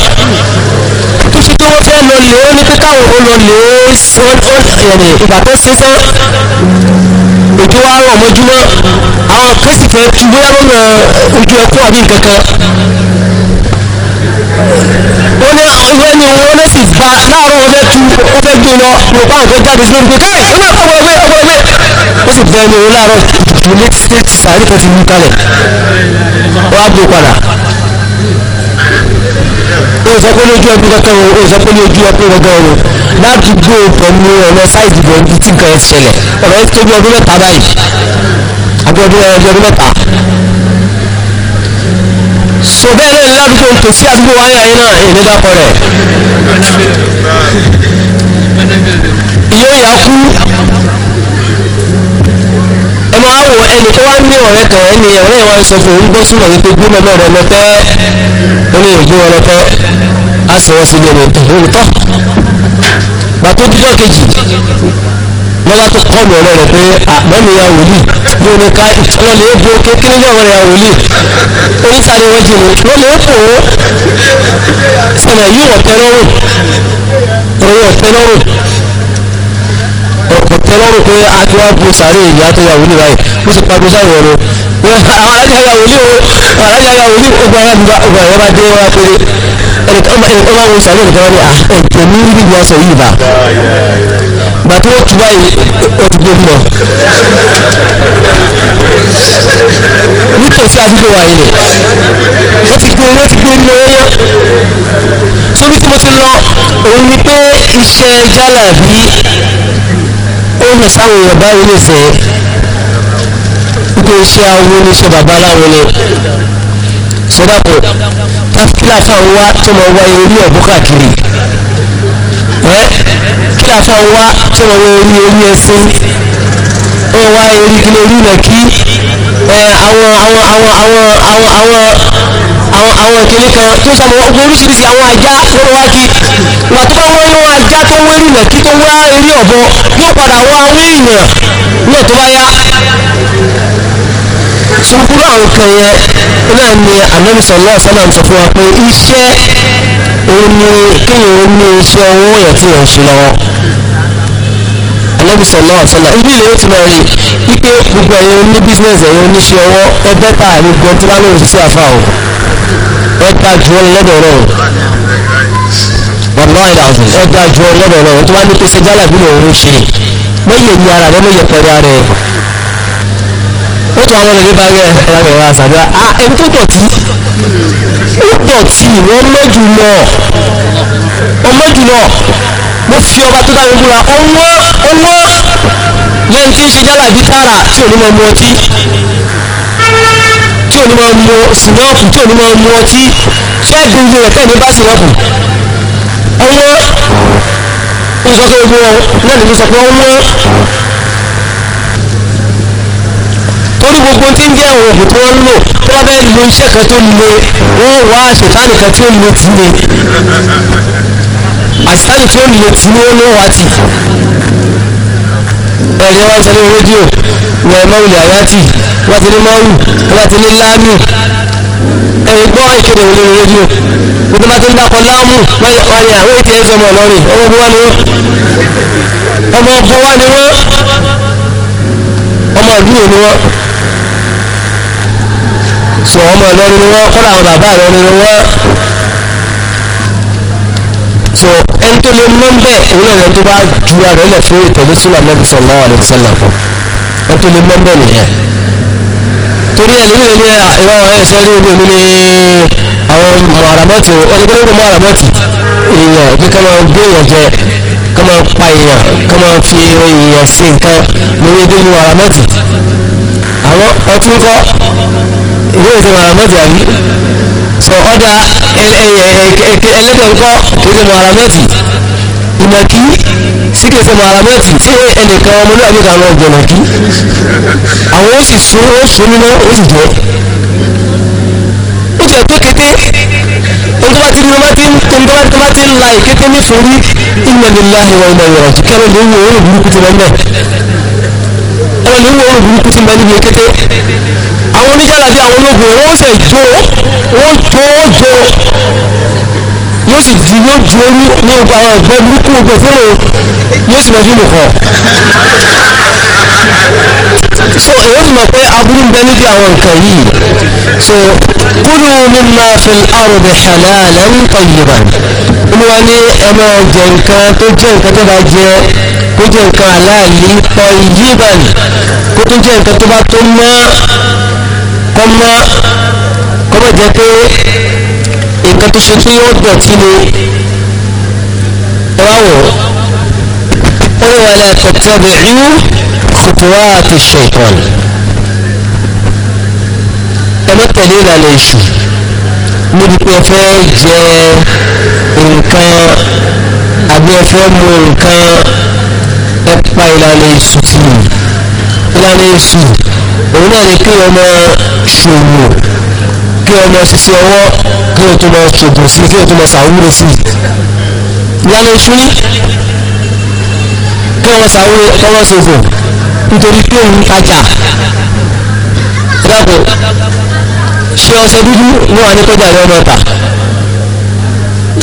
tó ṣe pé wọ́n fẹ́ lọ lè ó ní pé ó lọ lè ó yẹ̀rẹ̀ ìgbà tó ṣe sán òjò wa rọ̀ mọ́júmọ́ àwọn kan sì bóyá lọ́nà ojú ẹkún àbí nǹkan kan ó ní ìwé ni wọn ló sì fa láàárọ̀ ó fẹ́ tu ó fẹ́ gbé lọ yorùbá àgbẹ̀ jáde sílẹ̀ nígbè káì ó náà fọwọ́ ẹgbẹ́ ọwọ́ ẹgbẹ́ ó sì bẹ́ẹ̀ ni òun láàárọ̀ ìdìbò létí sàárì kan ti wú kalẹ̀ ó wá gbé e padà ó sọ pé lójú ẹbí kankan o ó sọ pé lójú ẹbí kankan o ládùúgbò e pẹ̀lú ọ̀rọ̀ sáìdì bọ̀ ibi tí nǹkan ẹ̀ ṣẹlẹ̀ ọ̀rọ̀ ẹ̀ tóbi ọdún mẹ́ta báyìí àbí ọdún ọdún mẹ́ta so bẹ́ẹ̀ náà ní ládùúgbò ń tòsí àdúgbò wáyà yín náà èmi dákọ̀ rẹ̀ yóò yà kú ẹ máa wò ẹnì tó wá ní ọ̀rẹ́ kan ẹnì ọ̀rẹ́ wa sọ fún òun gbọ́ súnmọ̀ yìí pé gbé mọ́mọ́ rẹ̀ lọ́tẹ́ ó ní ìgbó wọn lọ́tẹ́ á sì wọ́n sí ilé rẹ̀ tó lóòótọ́ gbà tó dídọ́ kejì wọ́n bá tó kọ́ọ̀lù ọ̀rẹ́ rẹ̀ pé àmọ́mí ya wòlíì bí omi ká ìtọ́lọ́lẹ̀ ébo kékeré ní ọ̀rẹ́ ya wòlíì onísàlẹ̀ wọ́n jìnnà wọ́n lè fò ó sọ̀rọ̀ yìí ọ̀tẹ́ lọ́rùn orí ọ̀tẹ́ lọ́rùn ọ̀tẹ́ lọ́rùn pé a ti wá bu sàárè ìyá tó ya wòlíì báyìí ó sì pa gbèsè àwọn ọ̀rọ̀ àwọn alájà ya wòlíì o alájà ya wòlíì o gba ara gba ẹ̀rọ bá dé wá pé ẹnìkan bá wo sàárè ìjọba ni à ẹ̀jẹ̀ ní ibi ìgbà sọ yìí bá gbàtí ó tu báyìí ó ti gbé lọ nítòsí àdúgbò wa yìí ni ó ti gbé ó ti gbé lọ yẹn sórí tí mo ti lọ òun ni pé iṣẹ́ jálàbí ó hàn sáwọn èèyàn báyìí nìsẹ́ pé iṣẹ́ awo ni iṣẹ́ babaláwo ni sọdọ́kọ̀ táfílà fáwọn wá tó máa wáyé orí ọ̀bùkà kiri ẹ́ kí afa wá ṣe wọ́n orí orí ẹsẹ̀ ó wá eré kí lórí rẹ̀ kí àwọn àwọn àwọn àwọn àwọn àwọn àwọn àwọn ìkíní kan tó sábà wọ́n oríṣiríṣi àwọn ajá wọ́n wá kí wà tó bá wọ́n inú ajá tó wọ́n eré rẹ̀ kí tó wá eré ọ̀bọ yóò padà wá àwọn èèyàn náà tó bá yá sọ́kúrú àwọn kan yẹn náà ni Ànábì sallallahu alaihi sọ fún wa pé iṣẹ́ òun ni kéèyàn ó ní iṣẹ́ owó yẹn tí yẹn ń ṣe lọ́wọ́ ànábì sọ̀lá ọ̀sọ̀lá ibi ilé yóò ti máa rí wípé gbogbo ẹ̀yin oní bísíǹsì ẹ̀yin oníṣẹ́ ọwọ́ ẹ bẹ́tà gbogbo ẹni tí wọ́n lòun sí àfa o ẹ ta ju ọ lọ́dọ̀ ọ̀rọ̀ wàlúwà ìdààmú ẹ ta ju ọ lọ́dọ̀ ọ̀rọ̀ tí wọ́n ní pèsè jálà bí lòun ṣe lóye ní ara rẹ lóye pẹ̀lú ara rẹ ó tún àwọn ọ̀rẹ́ bá rẹ ẹ̀rọ ẹ̀rọ àṣàdúrà à ẹni tó dọ̀tí ó dọ̀tí wọ́n mọ́jú lọ ọmọ jùlọ ó fi ọba tó dáyé búra ọwọ́ ọwọ́ lẹ́yìn tí ń ṣe jálà bí tààrà tí ò ní mọ mu ọtí tí ò ní mọ mu sìnọ́ọ̀pù tí ò ní mọ mu ọtí ṣẹ́ẹ̀dì ń rẹ̀ tẹ́ẹ̀ ní bá sìnọ́ọ̀pù ọwọ́ ó sọ pé gbogbo náà lè sọ pé ọwọ́ torí gbogbo tí ń jẹ́ oògùn tí wọ́n ń lò tó bá bẹ́ẹ̀ lo iṣẹ́ kan tó le wọ́n wá ṣètánì kan tí ó le tì í àsìtánìkì ó lè tì ní olówàtì ẹ̀rí wọn sọ ní rédíò wọ ẹ̀mọ́ ilẹ̀ àyátì wọ́n ti ní mọ́rù wọ́n ti ní láàmì ẹ̀rí gbọ́ ìkéde òun lórí rédíò gbogbo bá ti ń dákọ̀ láàmù wọ́n ni àwọn ètò ẹ̀sọ́ ọmọ ọlọ́rin ọmọ ọbọ wa ni wọ́n ọmọ ọbọ wa ni wọ́n ọmọ ìdúró ni wọ́n sọ ọmọ ọlọ́rin ni wọ́n kọ́lá àwọn bàbá ọlọ́rin ni wọ́n so ẹni tó lè mọ́ mbẹ́ òun náà tó bá ju ara rẹ̀ fún ìtẹ̀lé súnà Ànábì sallallahu alaihi wasallam fún ẹni tó lè mọ́ mbẹ́ nìyẹn torí ẹni ní ilé ìwọ ẹsẹ ní ibi mi ní àwọn mọ̀ràmọ́tì onígbẹ́lẹ́gbẹ́ mọ̀ràmọ́tì èèyàn bí ká máa gbé èèyàn jẹ ká máa pa èèyàn ká máa fi èèyàn sí nǹkan lórí ibi ní mọ̀ràmọ́tì àwọn ọtí ń ìwé ìsìn mọ̀ràmọ́tì àbí sọ ọ́dà ẹlẹ́dẹ̀ ńkọ́ kéde mọ̀hárámẹ́tì ìnàkí sí kéde mọ̀hárámẹ́tì sí ẹnìkan ọmọlúwàbí kan lọ gbọ̀nà kí àwọn ó sì sún ó sún níná ó sì jẹ́ ó jẹ́ tó kété ntọ́ba ti ntọ́ba ti ntọ́ba ti ntọ́ba ti la ìkété ní sori inna lillahi wa inna ilayhi raji'un kẹ́rọ lè wo oòrùn burúkú ti bẹ́ẹ̀ ẹ̀rọ lè wo oòrùn burúkú ti bẹ́ẹ̀ níbi ìkété àwọn oníjàlá bíi àwọn ológun wọn ó fẹ́ jó ó jó ó jó yóò sì di yóò ju orí ní gbogbo àwọn ẹgbẹ́ burúkú gbogbo tí mo yóò sì lọ sí mo kọ so èyí sì mọ̀ pé aburú ń bẹ níbi àwọn nǹkan yìí so kúrò mimma fil ardi halalan tayyiban olúwa ní ẹ máa jẹ nǹkan tó jẹ nǹkan tó bá jẹ kó jẹ nǹkan aláàlí tayyiban kó tó jẹ nǹkan tó bá tó mọ́ kọ́ mọ́ kọ́mọ̀ jẹ́ pé nǹkan tó ṣe pé yóò dọ̀tí ni ẹ wá wọ̀ ó ní wàhálà kọ̀tẹ́bù ìrú kòtòwá àti ṣẹ̀tàn ẹ má tẹ̀lé ìlànà èṣù níbi pé ẹ jẹ nǹkan àbí ẹ mu nǹkan ẹ ìlànà èṣù tì ìlànà èṣù òun náà ni kí ọmọ ṣòwò kí ọmọ ṣiṣẹ́ ọwọ́ kí o tó lọ ṣògùn sí kí o tó lọ ṣàwúre sí ìyáni oṣù ní kí ọmọ ṣàwúre ọmọ ṣògùn nítorí pé òun tajà dáàbò ṣé ọṣẹ dúdú ní wà ní kọjá rẹ ọmọ ta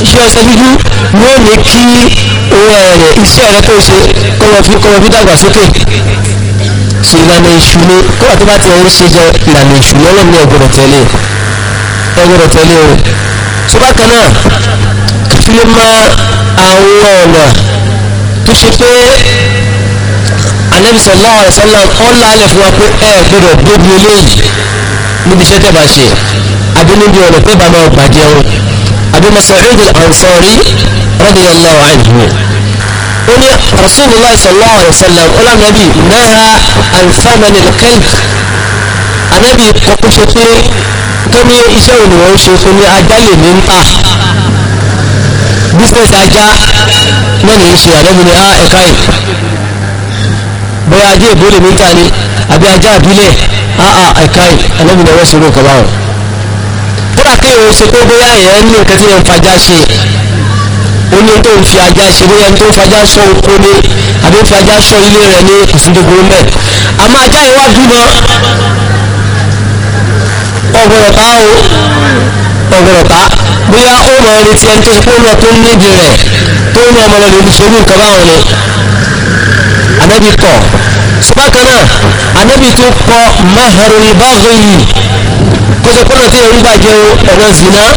ṣé ọṣẹ dúdú ní ò ní kí owó ẹ̀rẹ̀ iṣẹ́ rẹ tó ṣe kọ́mọ fi dàgbàsókè so ìlànà èṣù ni kódà tó bá ti ẹ̀rí ṣe jẹ ìlànà èṣù ni ọlọ́run ní ọgbọ̀dọ̀ tẹ̀lé ọgbọ̀dọ̀ tẹ̀lé o tó bá kan náà fi lè mọ àwọn ọ̀nà tó ṣe pé anẹ́bísọ̀ lọ́wọ́ ẹ̀sánlá ọ̀là alẹ́ fún wa pé ẹ gbọ́dọ̀ gbóbi eléyìí níbi iṣẹ́ tẹ̀bà ṣe àbí níbi ọ̀nà tẹ̀bà máa gbàjẹun àbí Mas'ud al-Ansari radiyallahu anhu ó ní rasulillah sallallahu alayhi wa sallam ó lánàbí náà alifamani kalb anabi kọ́kọ́ ṣe pé tó ní iṣẹ́ òní wọ́n ṣe fún ní ajá lè ní ń tà bísíǹsì ajá náà lè ṣe àdẹ́mi ní ẹ̀ka yìí bóyá ajé ìbò lè mí ta ni àbí ajá àbílẹ̀ ẹ̀ka yìí àdẹ́mi ní ọwọ́ ṣe ló kọ́ báwọn. kódà kéèyàn ṣe pé bóyá èèyàn ní nǹkan tí yẹn ń fajá ṣe ó ní tó ń fi ajá ṣe bóyá tó ń fajá sọ oko ni àbí ń fi ajá sọ ilé rẹ̀ ní kò sí dogoro mẹ àmọ́ ajá yìí wá bímọ ọgbọ̀rọ̀ ká o ọgbọ̀rọ̀ bóyá ó mọ ẹni tí ẹni tó ṣe pé ó mọ tó ń níbi rẹ̀ tó ń mọ ọmọ lọ́dún olùsọ̀rọ̀ nǹkan báwọn ni ànábì kọ̀ bákan náà tó kọ maharul baghi kó ṣe pọ́nà tí yẹn ń gbàjẹ́ ọ̀rọ̀ zina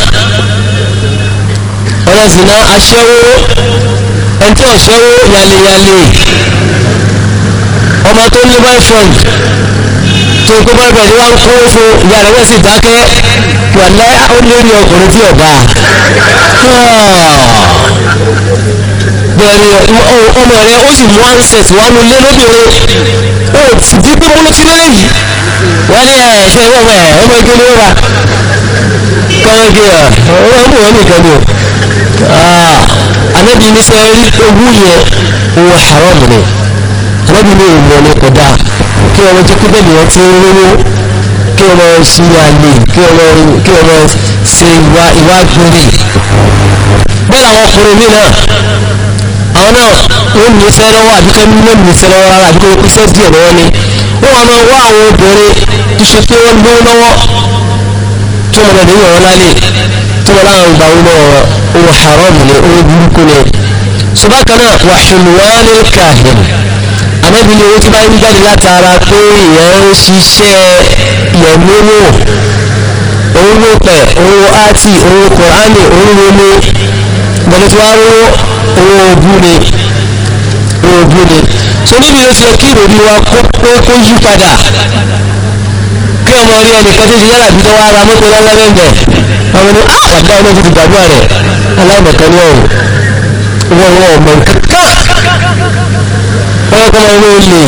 ọ̀nà zina aṣẹ́wó ẹni tí ọ̀ṣẹ́wó yàlẹ̀yàlẹ̀ ọmọ tó ní boyfriend tó kó boyfriend wá ń kó fún ìyá rẹ̀ wọ́n sì dákẹ́ wà láyé ó lórí ọkùnrin tí ọba bẹ̀rẹ̀ ọmọ rẹ̀ ó sì mú ansẹ̀t wánu lé lóbìnrin ó sì di pé mo ti lélẹ̀ yìí wọ́n ní ẹ̀ṣẹ̀ wọ́n ẹ̀ ọmọ ìgbélé wà kọ́ńgé ọ̀ ọmọ ìgbélé wà anabi ah, ní sẹ́ rí owó yẹn owó haram ni anabi ní ìmọ̀ ni kò dáa kí ọmọ jẹ́ pé bẹ́ẹ̀ ni wọ́n ti ń rówó kí ọmọ ṣe àlè kí ọmọ kí ọmọ ṣe ìwà ìwà gbèrè bẹ́ẹ̀ làwọn ọkùnrin mi náà àwọn náà wọ́n ní sẹ́ lọ́wọ́ àbí kọ́ mímọ́ ní sẹ́ lọ́wọ́ rárá àbí kọ́ iṣẹ́ díẹ̀ lọ́wọ́ ni wọ́n máa wá àwọn obìnrin tó ṣe pé wọ́n lówó lọ́wọ́ tí wọ́n lọ́ọ́ tí wọ́n láwọn gbà wọ́n lọ́wọ́ owó haram ni owó burúkú ni ṣùgbọ́n kan náà wà hulwanil kahin anábì ni owó tí bá ń jáde látara pé ìyẹn ń ṣiṣẹ́ yẹ̀múnú òun ló pẹ̀ owó áàtì owó kùránì òun ló mú gbọ́dọ̀ tí wàá rówó owó òbú ni owó padà náà mọ rí ẹnìkan tó ṣe yára bí tó wá ra mọ́tò lọ́wọ́ lẹ́ńdẹ̀ àwọn ni ah wàdá ọlọ́run ti gbàdúrà rẹ̀ aláìmọ̀kan ní ọ̀hún wọ́n wọ́n ọmọ nǹkan ọlọ́kọ́ máa ń wọ́n lè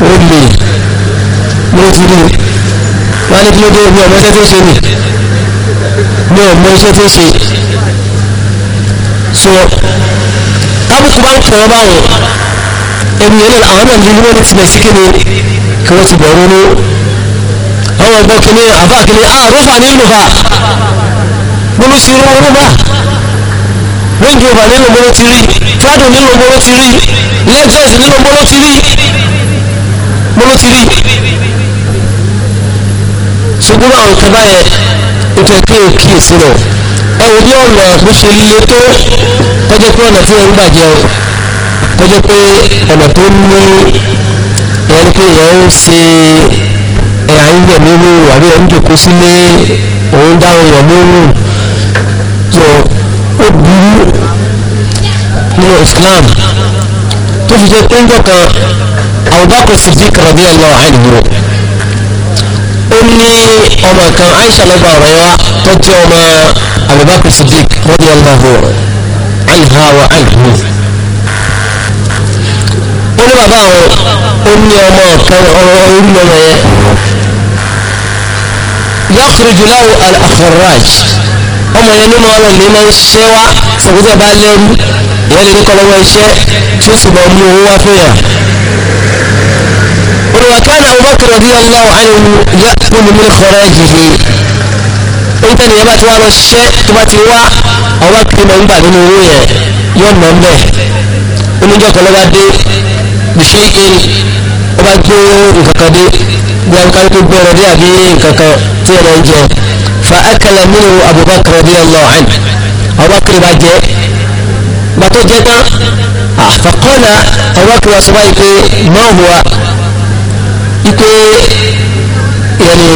wọ́n lè mo ti rí wọ́n á ní kí ló dé mi ọmọ iṣẹ́ tó ṣe mi mi ọmọ iṣẹ́ tó ṣe so tábùkù bá ń pọ̀ ọ́ báwọn ẹ̀mí yẹn lọ́la àwọn náà ní ilé wọn ti bẹ̀ sí kéde kí wọ́n ti bẹ̀ ronú àwọn ọgbọ́n kìíní àbá kìíní àrùbà ah, nílùú ha múlù sí irú rúbà ríngì ọba nínú mọ́lọ́ ti rí tíádùn nínú mọ́lọ́ ti rí lẹ́jọ́s nínú mọ́lọ́ ti rí mọ́lọ́ ti rí ṣùgbọ́n àwọn kan báyẹn ó jẹ́ pé ó kíyèsí lọ ẹ wo bí ọ̀nà bó ṣe le tó kọjá pé ọ̀nà tí ń gbàjẹ́ o kọjá pé ọ̀nà tó ní ẹ̀ ń pè yẹn ń ṣe ẹ̀yà ń yẹ̀ mí wò àbí ẹ̀ ń jòkó sílé òun dáhùn yẹ̀ mí tó ó burú nínú Islam tó fi jẹ́ pé ń jọ̀kan Abubakar Siddiq radiyallahu anhu ó ní ọmọ kan Aisha lọ́gbà ọ̀rọ̀ wa tó jẹ́ ọmọ Abubakar Siddiq radiyallahu anha wa anhu ó ní bàbá àwọn ó ní ọmọ kan ọmọ orí ọmọ yẹn yakhruju lahu al-akhraj ọmọ yẹn nínú ọlọ́run ní máa ń ṣẹ́ wá sọ̀kútẹ̀ bá lẹ́rú ìyẹn lè ní kọlọ́wọ́ iṣẹ́ tí ó sì máa mú owó wá fún yàn. olùwàkánà Abubakar radiyallahu anhu ya'kulu min kharajihi oúnjẹ nìyẹn bá ti wá lọ ṣiṣẹ́ tó bá ti wá àwọn akéwì máa ń nínú owó yẹn yóò nà ń bẹ̀ oníjọ́ kan dé bìṣẹ́ ìkéyìn ọba gbé nǹkan kan dé bí alukari tó bẹ̀rẹ̀ dé àbí kankan tí ẹ lọ́n jẹ fa akala minhu abubakar radiyallahu anhu abubakar bá jẹ bàtọ́ jẹ tán àfàkọ́nà abubakar wa sọ́ba yìí pé máa hùwà ipe yẹnu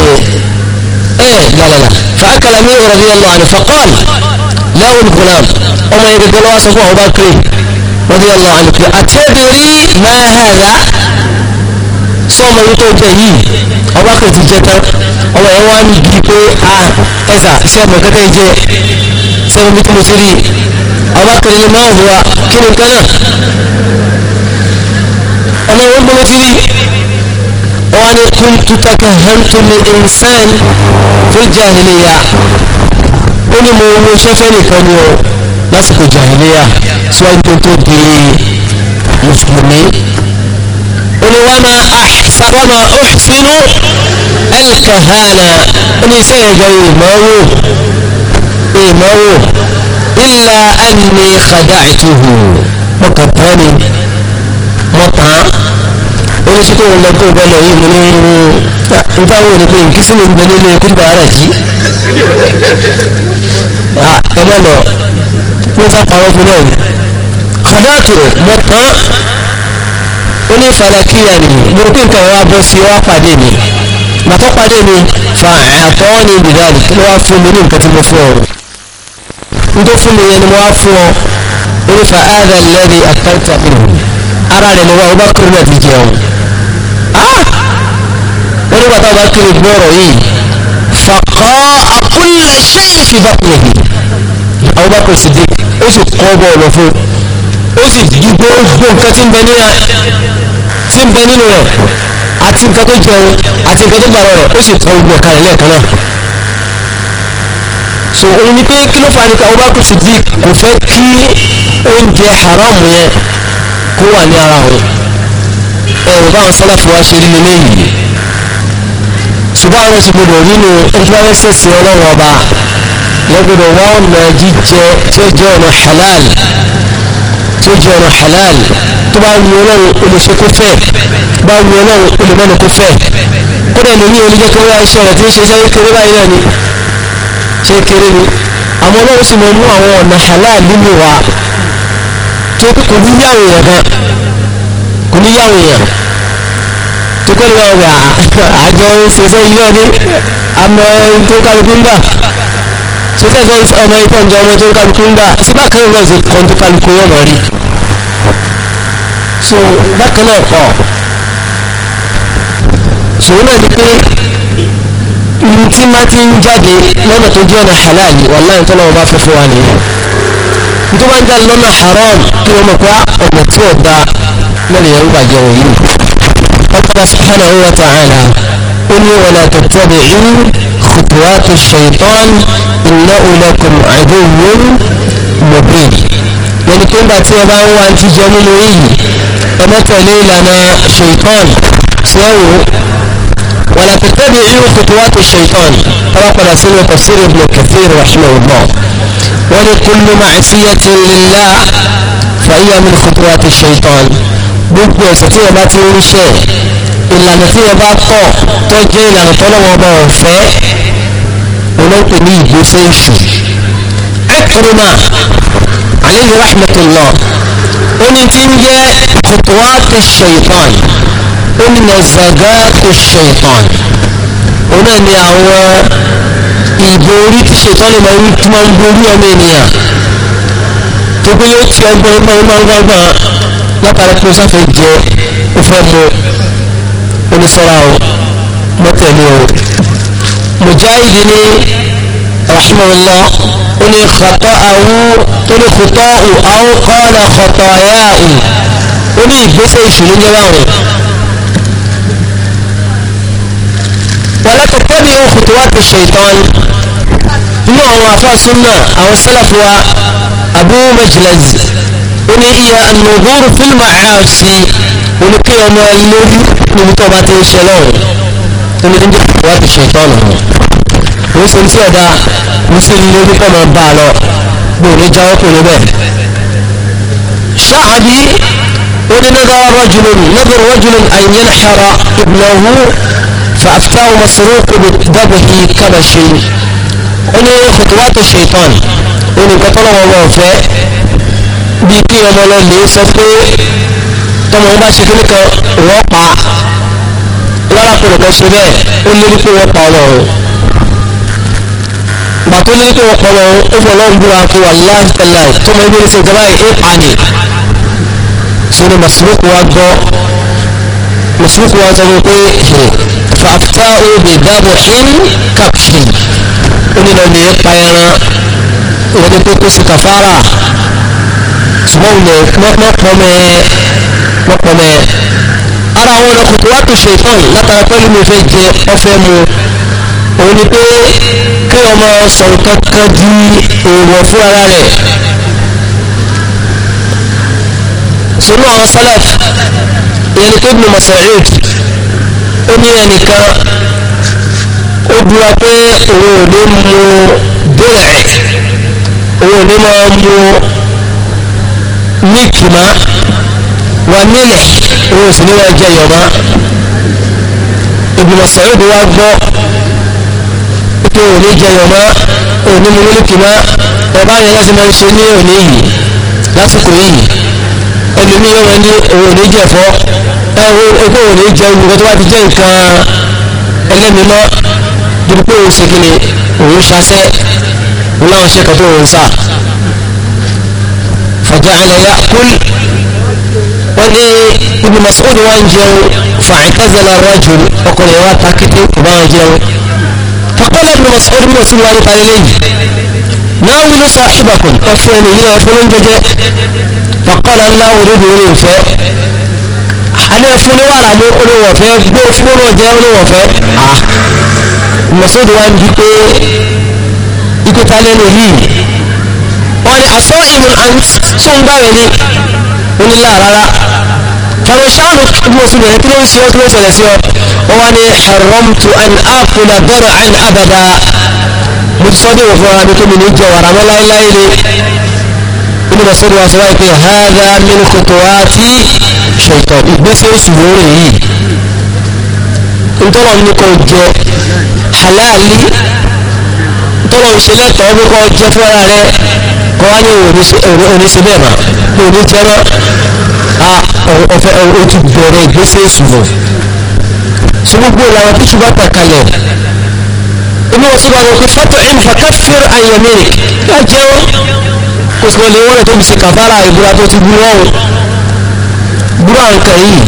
ẹ lálàlà fa akala minhu radiyallahu anhu faqala lahu al-ghulam ọmọ yẹn gbẹgbẹ lọ́wọ́ sọ fún abubakar radiyallahu anhu pé àtẹ́bẹ̀rẹ̀ máa hàdà sọmọ yìí tó jẹ yìí ọba kan ti jẹ tán ọmọ yẹn wá ní ibi pé a ah, ẹsà sẹmọ kẹkẹ jẹ sẹmọ bí tí mo ti rí ọba kan ní máa hùwà kí ni nǹkan náà ọmọ yẹn gbọ́dọ̀ ti rí wọn ni kún tutaka hantumi insan fún jahiliya ó ní mo wo sẹfẹ nìkan ni o lásìkò jahiliya síwájú tó tó di mùsùlùmí. قولوا وما احسن وما احسن الكهانة اني زي جايب موه ايه موه الا اني خدعته مكتاني مطعم قولوا شكو اللي بقول بقول ايه منين انت اول بين كسم البنين كل بارجي اه كمانو مزا قوافلون خدعته مطعم ó ní falakiya ni mo rò pé nǹkan wa bọ́ sí wa pàdé mi màtọ́ pàdé mi fa àtọ́ ni bìdáàlì ló wá fún mi ní nǹkan tí mo fún ọ n tó fún mi yẹn ni mo wá fún ọ ó ní fa áàdà lẹ́rìí àtàkùtà mi ara rẹ̀ ni wọ́n bá kúrò náà ti jẹun ó ní bàtà bá kiri gbọ́rọ̀ yìí fakọ́ akúnlẹ̀ ṣẹ́yìn fi kúrò yìí Abubakar Siddiq ó sì kọ́ bọ́ọ̀lù fún ó sì ju gbogbo nǹkan tí ń bẹ nínú tí ń bẹ nínú rẹ̀ àti nǹkan tó jẹun àti nǹkan tó gbàrọ̀ rẹ̀ ó sì tọ́ gbogbo ẹ̀ka rẹ̀ lẹ́ẹ̀kan náà so òun ni pé kí ló fà ní pé Abubakar Siddiq kò fẹ́ kí oúnjẹ haram yẹn kó wà ní ara òun ẹ̀rù báwọn sálàfù wa ṣe rí lélẹ́yìí ṣùgbọ́n àwọn ṣe gbọdọ̀ nínú ìfúnwẹ́sẹ̀sẹ̀ ọlọ́run ọba wọ́n gbọdọ̀ wá ọ̀nà jíjẹ tí ó jẹ́ ọ̀nà halal tó jẹ́ ọ̀nà halal tó bá wù ọlọ́run olùṣe kó fẹ́ bá wù ọlọ́run olùmọ́nà kó fẹ́ kódà lómi olùjẹ́ kí wọ́n iṣẹ́ rẹ̀ tí ń ṣe iṣẹ́ kéré báyìí náà ni ṣe kéré ni àmọ́ ọlọ́run sì mọ mú àwọn ọ̀nà halal nínú wa tó kò ní yàwó yẹn gan kò ní yàwó yẹn tó kọ́ ni wọ́n wà àjọ ṣẹṣẹ́ yìí náà ni àmọ́ tó kálukú ń bà tó sẹ́sẹ́ ọmọ ikọ̀ ǹjẹ́ ọmọ tó ń kálukú ń gbà sí bákan náà ṣe kàn tó kálukú wọn mọ̀ rí so bákan náà kọ̀ ṣòwò náà ni pé irú tí má ti ń jáde lọ́nà tó jẹ́ ọ̀nà halali wàláhì tó náà bá fẹ́ fún wa nìyẹn tó bá ń jáde lọ́nà haram kí wọ́n mọ̀ pé ah, ọ̀nà tí ò da lọ́nà yẹn ń bàjẹ́ wọ̀nyí. Allah subhanahu wa ta'ala ó ní wala tattabi'u خطوات الشيطان إنه لكم عدو مبين يعني كل ما تيبا هو أنت جميل ومثلي لنا شيطان سيو ولا تتبعوا خطوات الشيطان طبعا قد تفسير ابن كثير رحمه الله ولكل معصية لله فهي من خطوات الشيطان بكم ستيبا شيء ìlànà tí ẹ bá tọ̀ tó jẹ́ ìlànà tọ́lọ́wọ́ ọba ọ̀fẹ́ olóńpẹ ní ìgbésẹ̀ èṣù ẹkùnrin aleyhi rahmatullah ó ní tí ń jẹ́ kùtùwàtì ṣèyítàn ó ní nàzàgàtì ṣèyítàn ó náà ní àwọn ìbò orí tí ṣètọ́lù máa ń tí máa ń borí ọmọ ènìyàn tó pé yóò ti ẹgbẹ́ ọmọ ọmọ ọgbà látara pé ó sáfẹ́ jẹ ó fẹ́ mu ó ní sọ́ra o mọ́tẹ̀lé o mujahidi ni rahimahullah ó ní xɔtɔ awu ó ní xɔtɔ o awu kọ́ọ̀lá xɔtɔ ya o ó ní ìgbésẹ̀ ìṣòro ń jẹba o. wàlá tó tẹ́bi ó xɔtɔ wá ti ṣètọ́n inú àwọn afáàsùn náà àwọn sálàfù wa abu majlaz ó iya an-nuzur fil òní kí ọmọ ẹ lórí níbi tó bá ti ń ṣe lọ́rùn tó ní jẹ́ ìwádìí ṣètọ́nù ó ṣe tí ọ̀dà ó sì ń lórí pọ̀ mọ́ bá a lọ gbòò ní jáwọ́ kò ní bẹ́ẹ̀. ṣáàbí onínàdà rọ́jùlùm nàdàrà rọ́jùlùm àyìn xara ìbùnàwó fàfitàwò masurúkú dábòhì kábàṣe ó ní kòtòwátò ṣètọ́nù ó ní kọ́tọ́lọ́wọ́ wọn fẹ́ bí kí ọmọ lọ lè sọ pé tọmọ wọn bá ṣe kíní kan wọ́n pa lára pẹ̀lú kan ṣe bẹ́ẹ̀ ó lérí pé wọ́n pa ọlọ́run bàtó lérí pé wọ́n pa ọlọ́run ó fọ ọlọ́run búra fún wa láìpẹ́lá tọmọ ibi ìṣe ìjọba yìí é pa ni sínú mọ̀sílùkù wa gbọ́ mọ̀sílùkù wa sọ pé fàtà òbí dábò ẹ̀yìn kàpì ó ní lọ́ọ́ ní pa ẹran ìwọ́n pé kó sì kàfàrà ṣùgbọ́n ilẹ̀ mọ́pọ́mẹ́ mọ́pọ́mẹ́ ara àwọn ọ̀nà kòtò wá tó ṣe ìtàn látara pẹ́lú mi fẹ́ jẹ ọfẹ́ mu òun ni pé kí ọmọ sọ nǹkan kan di èèwọ̀ fún ara rẹ̀ sínú àwọn sálàf ìyẹn ni pé Ibn Mas'ud ó ní ẹnìkan ó búra pé òun ò ní mu bẹ́ẹ̀ òun ò ní máa mu ní ìtumá wà nílẹ̀ òun sì ní wọ́n jẹ́ yọ̀mọ́ ìgbìmọ̀ sẹ́yìn wa gbọ́ pé òun ní jẹ́ yọ̀mọ́ òun ní mímú ní ìtumá ẹ̀bá yẹn láti máa ń ṣe ní òní yìí lásìkò yìí ẹlòmíì yóò máa ní òun ní jẹ̀fọ́ ẹ̀wọ́ ẹgbẹ́ òun ní jẹ́ olùkọ́ tó bá ti jẹ́ nǹkan ẹlẹ́mìí mọ́ dúpẹ́ òun ṣe kí ni òun ṣaṣẹ́ òun láwọn ṣe kàn tó òun sá faja'ala ya'kul wọ́n ní ibi Mas'ud wá ń jẹun fa'tazala ar-rajul ọkùnrin wa ta kété kò bá wọn jẹun faqala ibn Mas'ud bí Mas'ud wá ní parí léyìí náà wílú sahibakum ọ̀fẹ́ ni yíyá ọ̀fẹ́ ló ń jẹjẹ faqala ńlá oríbi orí ìfẹ́ alẹ́ fún ní wàrà ní olówọ̀fẹ́ gbé fún náà jẹ́ olówọ̀fẹ́ ah. Mas'ud wá ń di pé ikú ta lẹ́nu yìí wọ́n ní asọ ìmùn àǹtí tó ń gbàwẹ̀ ni ó ní láà rárá fàmì sáàlù mo sì bẹ̀rẹ̀ kí ló ń ṣe ọ́ kí ló ń ṣẹlẹ̀ sí ọ ó wá ní haramtu an akula dọ́rọ̀ an abada mo ti sọ́ dé wò fún ara kí mi ní jẹ wàrà mọ́ láéláé ni inú bá sọ́dọ̀ wá sọ wáyé pé hàdà min khutuwati ṣètọ̀ ìgbésẹ̀ oṣù lórí yìí ntọ́lọ̀ ní kò jẹ halali ntọ́lọ̀ ń ṣe lẹ́tọ̀ọ́ bí kò jẹ fúnra rẹ̀ kọ́ wá ní oníṣe bẹ́ẹ̀ mà òní tẹ́rọ ọ̀fẹ́ otu bẹ̀rẹ̀ ìgbésẹ̀ ìṣùnà tí gbogbo ìlànà tó ṣùgbọ́n pàkalẹ̀ inú wọn sì bá wọn pé fọ́tò ìfàkàfẹ́rẹ́ àyẹ̀mẹ́rẹ́ yà jẹ́wọ́ kò sì lè wọ́n lè tóbi sí kàfàrà ìbúra tó ti búrọ́ o búrọ́ nǹkan yìí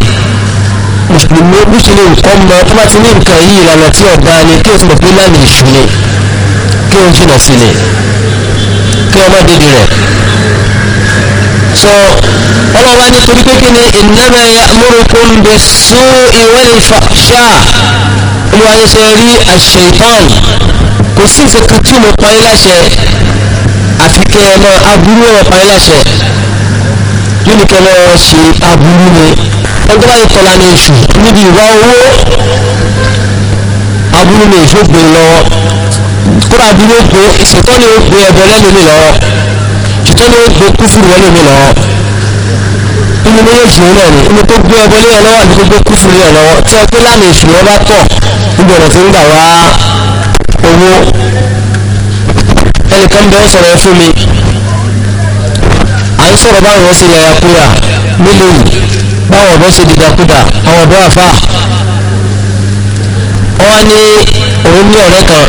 mùsùlùmí ó ṣe lè nǹkan mọ tó bá ti ní nǹkan yìí ìlànà tí ọ̀dá ni kí o sì mọ̀ pé lánàá ìṣúni kí o jìnà sílẹ̀ kí ọmọ dèdè so ọlọ́wà nítorí pé kí ni innama ya'murukum bis-su'i wal-fahsha olùwàyè ṣe rí ash-shaytan kò sí ìṣèkú tí mo pa yín láṣẹ àfi kẹ́ ẹ máa aburú ọ̀rọ̀ pa yín láṣẹ yóò ní ẹ máa ṣe aburú ni ẹgbẹ́ báyìí tọ́lá ní èṣù níbi ìwà owó aburú ni èṣù lọ́wọ́ kódà bí ló gbé ṣètò ni ó gbé ẹbọ lẹ́lómi lọ́wọ́ ṣètò ni ó gbé kúfùrù lẹ́lómi lọ́wọ́ inú méjèèjì náà ni inú tó gbé ẹbọ lẹ́yìn lọ́wọ́ àti tó gbé kúfùrù lẹ́yìn lọ́wọ́ tí ẹ pé lánàá èṣù wọn bá tọ̀ níbi ọ̀nà tí ń gbà wá owó ẹnìkan bẹ́ẹ̀ sọ̀rọ̀ ẹ fún mi à ń sọ̀rọ̀ báwọn ọ̀sẹ̀ yàyà kúrà nílùú báwọn ọ̀bọ̀ ṣe dìdàkudà àwọn ọ̀bọ̀ àfà wọn ní òun ní ọ̀rẹ́ kan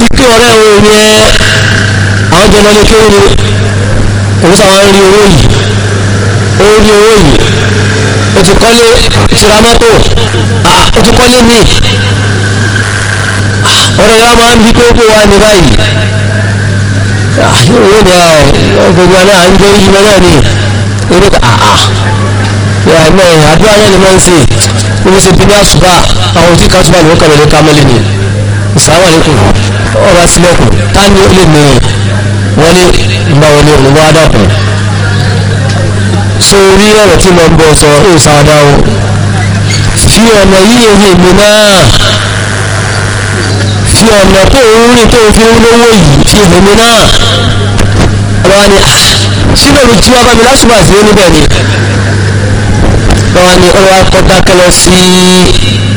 ike ọ̀rẹ́ òun yẹn àwọn jọ lọ ní kí òun òun sáwọn rí owó yìí ó rí owó yìí ó ti kọ́lé tira mọ́tò ó ti kọ́lé mi ọ̀rọ̀ yẹn máa ń bí pé kó wá ní báyìí owó ni ọgbẹ̀gbẹ̀ náà à ń jẹ́ yìí mọ́ náà ni eré àà yàrá náà àdúrà náà ni wọ́n ń ṣe wọ́n ń ṣe bí ní àṣùbà àwọn òtí kan àṣùbà ni wọ́n kàn lè ká mọ́lẹ̀ nìyẹn sàlámù alaykum ọba sílẹ̀kùn tá ní ó lè mẹ́rin wọlé ìgbà wọlé òun bá dàpọ̀ so orí ọ̀rọ̀ tí mo ń bọ̀ sọ ó sáadá o fi ọ̀nà yìí èyí mi náà fi ọ̀nà tó ń rìn tó fi ń lówó yìí fi èyí mi náà wọ́n ni ah, sílẹ̀ mi tí wọ́n bá mi lásùbà sí níbẹ̀ ni wọ́n ní ọ̀rọ̀ akọ́dákẹ́lẹ́ sí i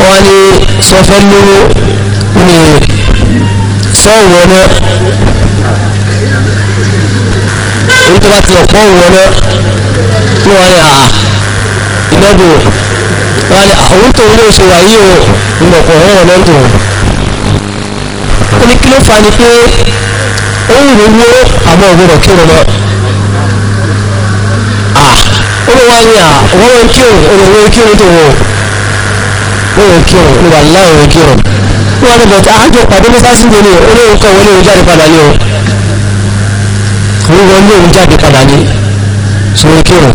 wọ́n ní sọfẹ́ lówó ní sọ́wọ́ náà èyí tó bá ti ọ̀pọ̀ wọ̀ náà ní wọ́n ní à ìlọ́dù wọ́n ní àwọn tó ń lè ṣe wà yí o ìgbọ̀pọ̀ ọ̀rọ̀ náà dùn ó ní kí ló fa ni pé ó ń rò wó àmọ́ òwúrọ̀ kí òun náà ó ló wá ní à wọ́n ń kí òun òun òun kí òun tó ó yẹ kí ọ̀rọ̀ wà láì yẹ kí ọ̀rọ̀ ó wà níbẹ̀ tí àjọ pàdé mọ́sáàsì mi ni olóhùn kan wọlé òun jáde padà ní o òun wọlé òun jáde padà ní so yẹ kí ọ̀rọ̀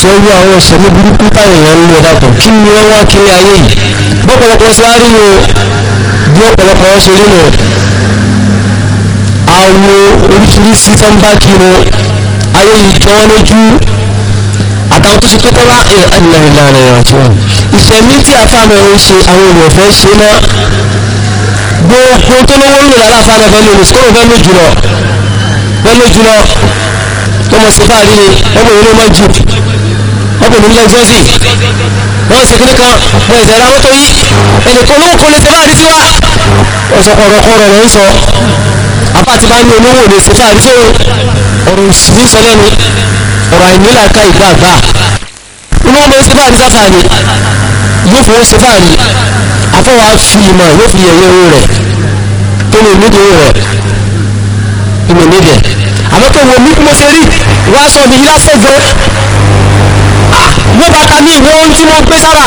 so irú àwọn ìṣẹ̀lẹ̀ burúkú táwọn èèyàn ń lò dàpọ̀ kí ni wọ́n wá kiri ayé yìí bọ́pọ̀lọpọ̀ ṣe á rí o bí ọ̀pọ̀lọpọ̀ ṣe rí nù àwọn oríṣiríṣi tó ń bá kiri ayé yìí jọ wọ́n lójú àtàwọn tó ṣe pé tọ́lá ẹ̀ẹ́dínlá ìlànà ìrìnàjò ìfẹ̀mí tí afáàmì ń ṣe àwọn èèyàn fẹ́ ṣe náà gbogbo tó lówó ń lò lára afáàmì fẹ́ lòlù sọ́kò fẹ́ lò jùlọ fẹ́ lò jùlọ tó mọ̀ sí fáàrí ni wọ́n bẹ̀rẹ̀ ní mọ́jì wọ́n bẹ̀rẹ̀ ní lẹ́gbẹ́sì wọ́n sì kí nìkan wọ́n ìṣẹ̀ ra mọ́tò yìí ẹnìkan olówó ló ń sọ apá fáàrí tó ọ̀rọ̀ òṣì ọ̀rọ̀ àìníla ká ìfàfà inú ọmọ ẹsẹ̀ bá àdìsáfà ni yóò fowó ṣe fáàrí afọwà fi ìmọ̀ yóò fi yẹ̀yẹ́ owó rẹ̀ tó ní ìmúdi owó rẹ̀ ìmọ̀ níbi ẹ̀ àmọ́ tó wo mi mo ṣe rí wá sọ mi yí lásán gan wọ́n bàtà ní ìwé ohun tí wọ́n gbé sára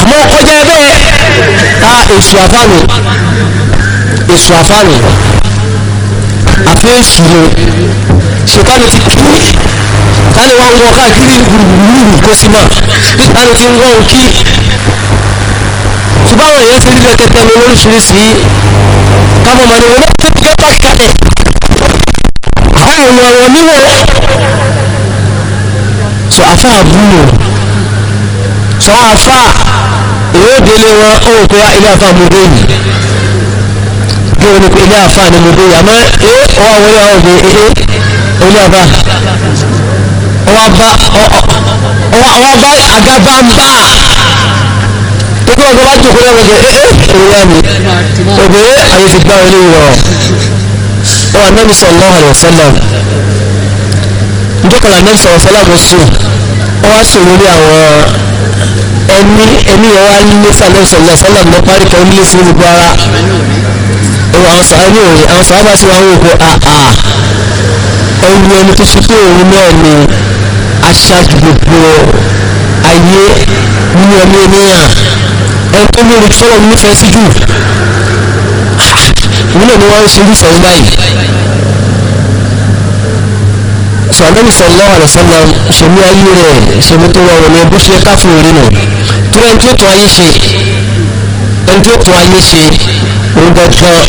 àmọ́ kọjá ẹ bẹ́ẹ̀ ta èṣù àfáàní èṣù àfáàní àfẹ́ èṣù ni ṣètàlù ti tú tálẹ̀ wá ń wọ káàkiri gbùrùgbùrù kó sí máa tálẹ̀ ti ń wọ́n kí ṣùgbọ́n èèyàn ti lílẹ̀ kẹtẹ ní oríṣiríṣi kábọ̀ mọ̀ ní wọ́n tó ti gbé pàkìkalẹ̀ àwọn ọ̀rọ̀ níwọ̀ sọ afá àbúrò sọ afá ìwédele wọn ó kó ah, ilé afá mọdé yìí bí wọn ní kó ilé afá ni yìí àmọ́ ẹ ọ àwọn ọmọ ọgbẹ ẹ ẹ oní àbá ọwọ́ bá àgàbà ń bá gbogbo ọgbọ́n bá jòkó lẹ́wọ̀n jẹ ẹ́ òwúrọ̀ mi òbí àyè ti gbá orí rọ̀ ọ Ànábì sallallahu alaihi wasallam njọ́kọ̀lá Ànábì sallallahu alaihi wasallam ọ wá sòrò ní àwọn ẹni ẹni yẹn wá lé sàlẹ̀ sallallahu alaihi wasallam lọ parí kan lé sí gbogbo ara àwọn sàábà sí wọn wò pé àà ah, ah ẹ̀yìn ẹni tó ṣe pé òun náà ni aṣáájú gbogbo ayé nínú ẹni ènìyàn ẹni tó lórí fọlọ́ nífẹ̀ẹ́ sí jù òun náà ni wọ́n ń ṣe irúfẹ́ ń báyìí. sọ̀rọ̀lẹ́bí sallallahu alaihi wasallam ṣòmí ayé rẹ̀ ṣòmí tó wọ́n wọlé bó ṣe ká fún orí nù tí ẹni tó tún ayé ṣe ẹni tó tún ayé ṣe òun gbọ̀ngàn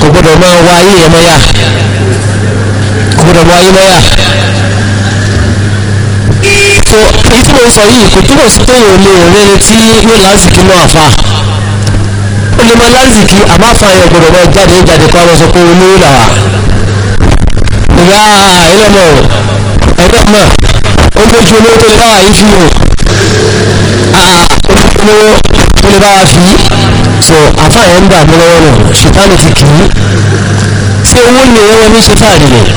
kò gbọdọ̀ máa wá ayé yẹn gbọ́dọ̀ mọ ayé lọ́yà so èyí tí mo ń sọ yìí kò túbọ̀ sí pé òun lè rẹ́ ni tí yóò lásìkí mọ́ àfa ó lè mọ lásìkí àmọ́ àfa yẹn gbọ́dọ̀ mọ jáde jáde kó àwọn sọ pé olówó là wà ìyá ẹlẹ́mọ̀ ẹlẹ́mọ̀ ó lójú olówó tó lè bá wà yìí fi hàn ah, olówó tó lè bá wà fi so àfa yẹn ń bà mí lọ́wọ́ nù ṣùgbọ́n ti kì í ṣé owó ni ẹ wọn ní ṣe fáàrí rẹ̀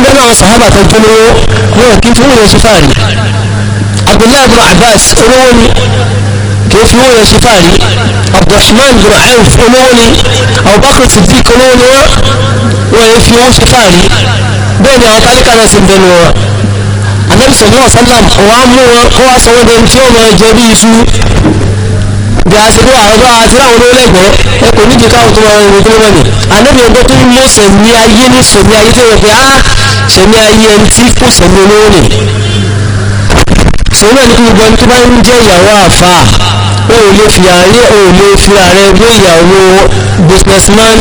ń bẹ náà sàhábà tó tó lówó wọn ò kí fún òye sífàárì abdullahi bin abbas olówó ni kì í fi òye sífàárì abdulrahman bin auf olówó ni abubakar siddiq olówó ni wọn wọn yẹ fi wọn sífàárì bẹ́ẹ̀ ni àwọn tálíkà náà sì ń bẹnu wọn anabi sallallahu alaihi wasallam wa mú wọn kó wá sọ wọn dẹni tí wọn máa jẹ bí iṣu bí a ṣe bí ọba àti àwọn olólẹ́gbẹ̀ẹ́ ẹ kò nídìí káwọn tó máa ń wọ gbọ́dọ̀ ni anabi ọgbọ́n tó ń mú sẹ̀mí ayé ní sẹ̀mí ayé tó yẹ pé ah sẹ̀mí ayé ẹni tí kò sẹ̀mí olówó nì sẹ̀mí ẹni gbogbo ẹni tó bá ń jẹ́ ìyàwó àfa o ò lè fi àárẹ̀ o ò lè fi àárẹ̀ bí ìyàwó businessman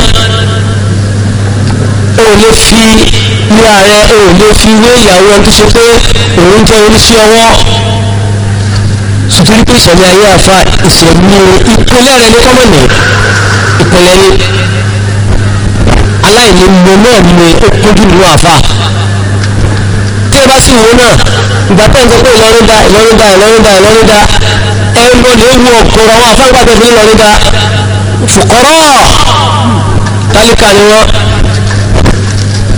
o ò lè fi ní àárẹ̀ o ò lè fi wé ìyàwó ẹni tó ṣe pé òun jẹ́ oníṣẹ́ ọwọ́ sùtúrú pé ìṣẹ̀lẹ̀ ayé àfa ìṣẹ̀lẹ̀ ìpínlẹ̀ rẹ̀ ní kọ́mọ̀nì ìpínlẹ̀ ni aláìní mo náà ni ó kójú ìlú àfà tí ẹ bá sì wò náà ìgbà tó ń sọ pé Ìlọrin da Ìlọrin da Ìlọrin da Ìlọrin da ẹ ń lọ lè wo ọ̀gọ̀rọ̀ àwọn afáǹgbà tó fi ń lọrin da fòkọ́rọ́ tálíkà ni wọ́n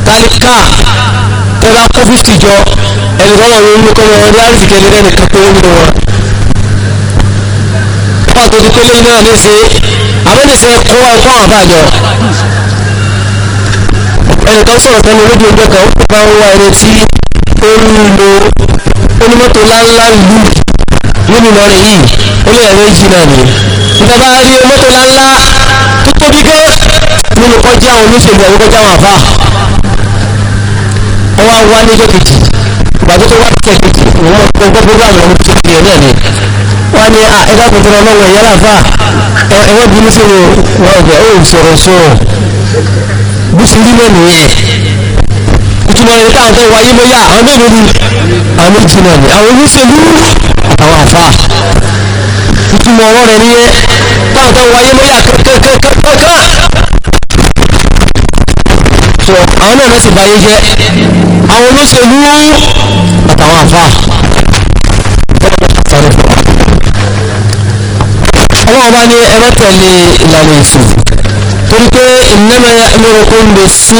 tálíkà tẹ́lá kó fífítì jọ ẹni tó wọ́n ló kọ́ wọn láti fi kẹ́lẹ́ lẹ́nu kan pé ń lọ wọn. wọ́n àtòjú pélé náà ní í ṣe àbẹ́ni ṣe kó ẹ̀kọ́ àbájọ ẹnìkan sọ̀rọ̀ sẹ́nu lójú ọjọ́ kan ó máa ń wá ẹni tí ó ń lo onímọ́tò ńláńlá ìlú nínú Ìlọrin yìí ó lè ẹ̀rọ ìjì náà nìyẹn nígbà bá rí mọ́tò ńláńlá tó tóbi gan nínú kọjá àwọn olóṣèlú àwọn kọjá àwọn àbá wọn wá wá níjọ́ kejì ìgbà tó tó wá níjọ́ kejì wọn kọ gbọ́ program ọ̀hún tó ti yẹn náà ni wọn ní ẹ̀dá kòtò ọlọ́wọ́ ẹ̀yẹ́ làfà ẹ̀wọ́n bínú sí wọn ọ̀gá ó sọ̀rọ̀ sọ̀rọ̀ bó ṣe rí lónìí yẹn ìtumọ̀ rẹ̀ tá à ń tẹ́ wáyé bóyá àwọn mélòó ni àwọn méjì náà ni àwọn olóṣèlú àtàwọn àfa ìtumọ̀ ọ̀rọ̀ rẹ̀ nìyẹn tá à ń tẹ́ wáyé bóyá kankankankankan sọ àwọn náà lọ́sìn báyé jẹ́ àwọn olóṣèlú àtàwọn àfa ọlọ́wọ́ bá ní ẹ̀rọ tẹ̀lé ìlànà ìsìn torí pé ìnáma ya ẹmẹ́rọ̀kún lè sí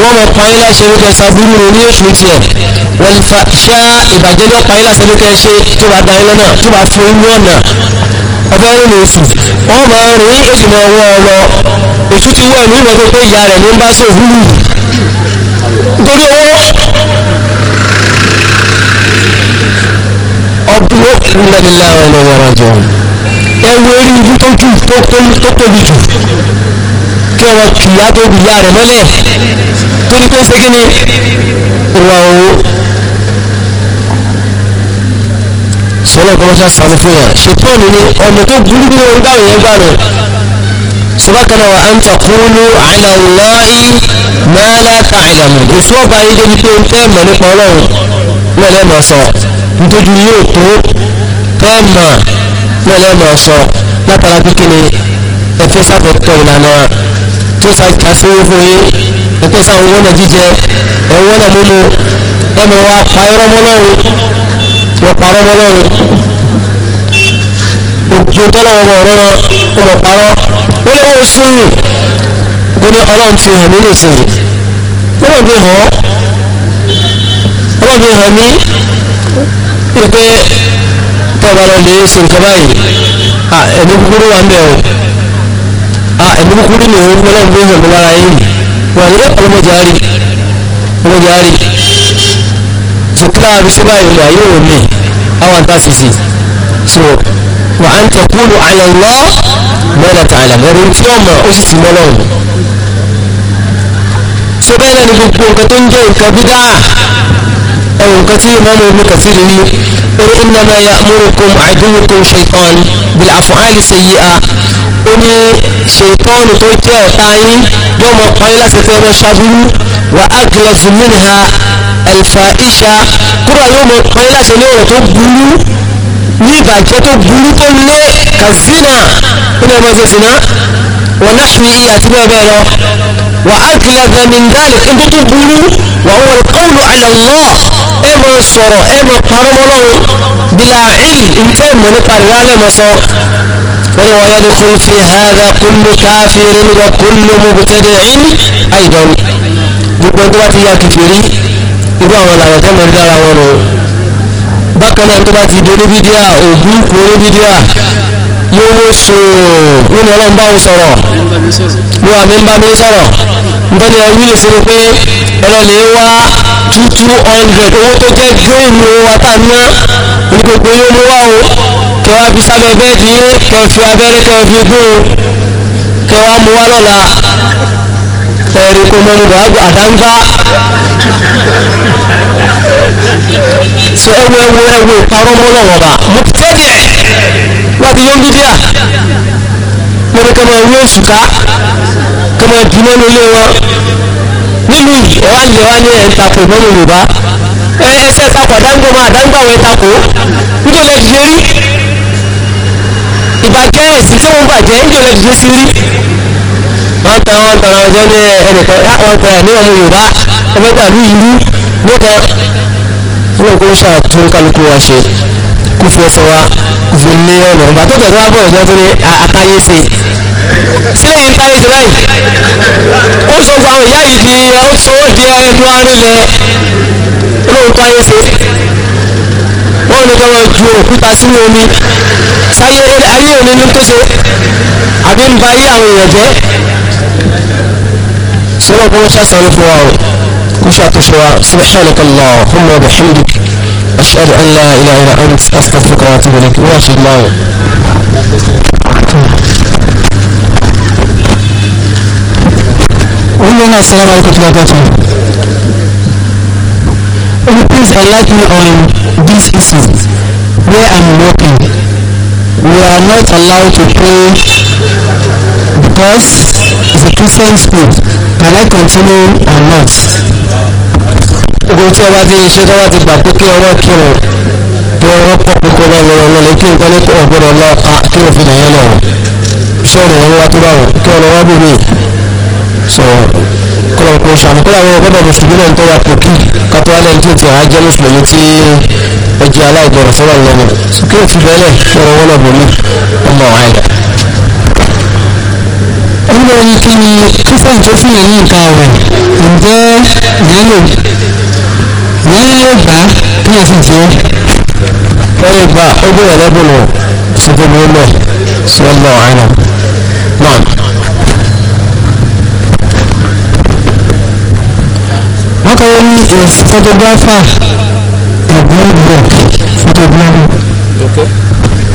wọ́n mọ̀ pààyàn láṣẹ ló kẹ́ sábúrú rẹ̀ ní èṣù tiẹ̀ wọ́n lè fa ṣá ìbàjẹ́ lọ pààyàn láṣẹ ló kẹ́ ṣe tó bá darí lọ́nà tó bá fi ń lọ́nà ọbẹ̀ rẹ̀ lè wọ́n máa rìn èṣù máa wọ́ ọ lọ èṣù ti wọ̀ ní ìmọ̀ pé ìyá rẹ̀ ní bá ṣe òwúrù torí owó ọdún ó ń lẹ́ni láwọn ọmọ wọn jọ ẹ wo eré ibi tó jù tó tóbi jù kí ọmọ kìyà tó bìyà rẹ̀ mọ́lẹ̀ torí pé ṣé kí ni ìwà òwò sọlọ kọmọṣà sàmì fún yà ṣètọ́nù ni ọ̀nà tó burú bí wọn gbàrú yẹn gbàrú sọ́bàkànnà wa an taqulu ala Allahi ma la ta'lamun ọba yìí débi pé tẹ́ mọ̀ nípa ọlọ́run náà lẹ́ẹ̀mọ̀ sọ nítorí yóò tó tẹ́ mọ̀ náà lẹ́yìn máa sọ látara pé kíni ẹ̀fẹ́ sáfẹ́ tọ̀ ìlànà tó sàkà sí owó fún yín ẹ̀fẹ́ sáwọn owó náà jíjẹ ẹ̀wọ́ náà mímu ẹ̀mọ wa pa irọ́ mọ́ lọ́rùn wọ́n parọ́ mọ́ lọ́rùn òjò tọ́lá wọn bọ̀ ọ̀rọ̀ wọn wọ́n parọ́ ó lé wọn sùúrù ó ní ọlọ́run ti hàn mí nìsín ọlọ́run ti hàn ọlọ́run ti hàn mí pé tó bá lọ lè ṣe nǹkan báyìí ẹ̀mí kúkúrú wà ń bẹ̀ o ẹ̀mí kúkúrú ni òun lọ́wọ́ gbé hàn lára yìí wà ní ọlọ́mọdé àárí ọlọ́mọdé àárí tó kíra àbí sí báyìí wà yóò wò mí àwọn àǹtá sisi so wà á ń tẹ̀kúlù àyànlọ́ mẹ́lẹ̀ tààlà ẹ̀rù tí ó mọ̀ ó sì sì mọ́ lọ́wọ́ so bẹ́ẹ̀ náà ni gbogbo nǹkan tó ń jẹ́ nǹkan bídà ẹ̀rù nǹkan tí ìmọ̀ ọmọ omi kàtí rí انما يأمركم عدوكم شيطان بالأفعال السيئه أمي شيطان توتي أعطاني يوم القيلة كثيرا شابه وأجلز منها الفائشة كل يوم القيلة سنوة تبولي نيبا جاتو بولي كل كزنا هنا ماذا زنا ونحوي إيه أتبع بيلا وأجلز من ذلك انتو تبولي وهو القول على الله ẹ mọ sọ̀rọ̀ ẹ mọ parọ́mọ́lọ́wọ́ bílà ìlì ìtẹ́ mọ̀ nípa rẹ̀ lálẹ́ mọ̀ sọ. wọ́n wọ́n yẹ́ dẹ́kun fi hàdà kúlù káfírin wà kúlù mọ̀bùtẹ́dẹ̀ ìlì àìdán gbogbo ẹni tó bá ti yá kìfìrí irú àwọn làwọn tẹ́ mọ̀ ní dára wọn o. bákan náà tó bá ti dóní bídíà òbí kò ní bídíà yóò wó sòó nínú ọlọ́mbà ń sọ̀rọ̀ wọ́n àmì ń bá mi sọ̀rọ̀ nítorí ẹ wílì sí ni pé ọlọ́lẹ̀ wá two two hundred owó tó jẹ́ gírèmù owó àtàná ní gbogbo yóò mú wá o kẹwàá fi sábẹ́ bẹ́ẹ̀dì yín kẹ fi abẹ́rẹ́ kẹ fi gún o kẹwàá mú wá lọ́la ẹ̀rí kò mọ nígbà àdáńgá ṣe ẹwọ ẹwọ ẹwọ ìparọ́ mọ́lọ̀ wọ̀bà mo ti tẹ́ díẹ̀ wọ́n ti yóò dídíà mo ní kẹ́mọ̀ ẹ̀wọ́ èṣù ká kẹ́mọ̀ ẹ̀dùnmọ́ nílé wọn nínú yìí ẹ wá ń yẹ wá ní ẹ̀ ń takò mọ́ yorùbá ẹ ẹsẹ̀ takò àdáńgbò máa àdáńgbò àwọn ẹ̀ takò níjọ́ lè dìde rí ìbàjẹ́ ẹ̀sìn tó ń bàjẹ́ níjọ́ lè dìde sí rí wọ́n tẹ wọ́n tẹ wọ́n jẹ́ ní ẹnìkan wọ́n tẹ ní ọmọ yorùbá ọmọ dàlú ìlú lókàn wọn kò ṣàtún kálukú wa ṣe kó fi ẹsẹ̀ wa kó fi lé ọ̀nà ìgbà tó tẹ̀ sílẹ̀ yìí parí ti báyìí ó sọ fún àwọn ìyá yìí di ó sọ ó di ẹnu arinlẹ̀ olóòótọ́ ayé ṣe wọ́n ní kí wọ́n ju òkúta sínú omi sáyé ayé òní ní tó ṣe àbí ń ba ayé àwọn èèyàn jẹ́ sọlá kó ṣàṣàlù fún wa o kó ṣàtúnṣe wa subhanaka allahumma wa bihamdik ashhadu an la ilaha illa anta astaghfiruka wa atubu ilayk wa ṣe máa. Women assalamu alaikum warahmatullahi wabarakatuh. Please enlighten me on this issue where I'm working. We are not allowed to pray because it's a Christian school. Can I continue or not? Ogun tí ọba ti ṣe tọ́wọ́ ti gbà pé kí ọwọ́ kírun bí ọwọ́ pọ̀ pé kó lọ lọ́wọ́ lọ́lẹ̀ kí nǹkan ní ọ̀gbọ́dọ̀ lọ́ọ́ kí òfin ẹ̀yẹ lọ́wọ́ ṣé ọ̀rọ̀ wọn wá tó bá wọn kí ọ̀rọ̀ wọn bù mí so kọ́lọ̀ kó ṣàmì kọ́lọ̀ àwọn ọgbọ́dọ̀ mùsùlùmí náà ń tọ́ra pòkì kátó alẹ́ ní tètè àjẹ́ mùsùlùmí tí ó jẹ́ aláìgbọ̀rọ̀ sọ́wọ́ lọ́nà sókè fi bẹ́lẹ̀ fọ́rọ̀ wọ́n lọ́bọ̀ mi ọmọ àìdá. ọmọ yìí kí ni kristian tó fún yẹn ní nǹkan ọ̀rẹ́ ǹjẹ́ yálò yálò gbà kí wọ́n sì jẹ́. wọ́n gbà ó bẹ̀rẹ̀ lẹ́bùn lọ sọ́kè mi lọ sọ́lọ́ àìdá náà. currently is photographer at Bloomberg photographer.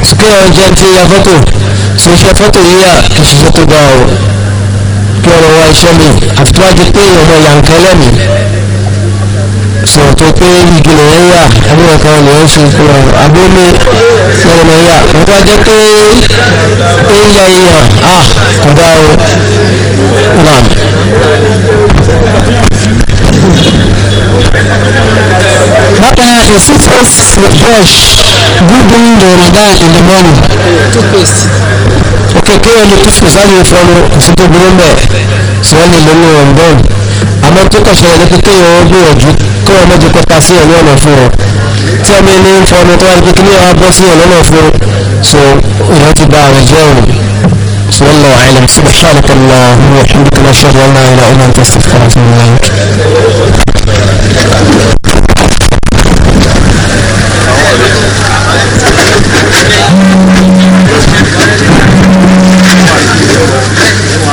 Sikẹ́ ọjọ́ ti ya fọ́tò, ṣe iṣẹ́ fọ́tò yíyà kì í ṣiṣẹ́ tó dáa o. Kí ọ̀rọ̀ wa iṣẹ́ mi, àfi tó wá di pé ọmọ yàǹkẹ́ lẹ́mí. Sọ̀rọ̀ tó pé igi lè ń yà, àbí ọ̀kan lè ń fi kúrò, àbí omi lọ́wọ́ lè yà. Wọ́n tó wá jẹ́ pé ó ń ya èèyàn, ah, kò dáa o. Nàá. بقى يسيسوس والبوش جودنج رمضان اللي بونه اوكي كده اللي تسكس عليه فولو كسيتو بلون بقى سؤال اللي هو رمضان àmọ́ tó kàn ṣẹlẹ̀ lẹ́kí tó yọ gbìyànjú kó ọmọ jù kọta sí ẹ̀ lọ́nà fún ọ tí ọmọ ilé ń fọnù tó wà ní kékeré wa bọ́ sí ẹ̀ lọ́nà fún so ìyẹn ti bá àwọn jẹ́ òun so wọ́n lọ àìlẹ̀ subhanaka Allahumma wa bihamdika ashhadu an la ilaha illa anta astaghfiruka wa atubu ilayk Grazie.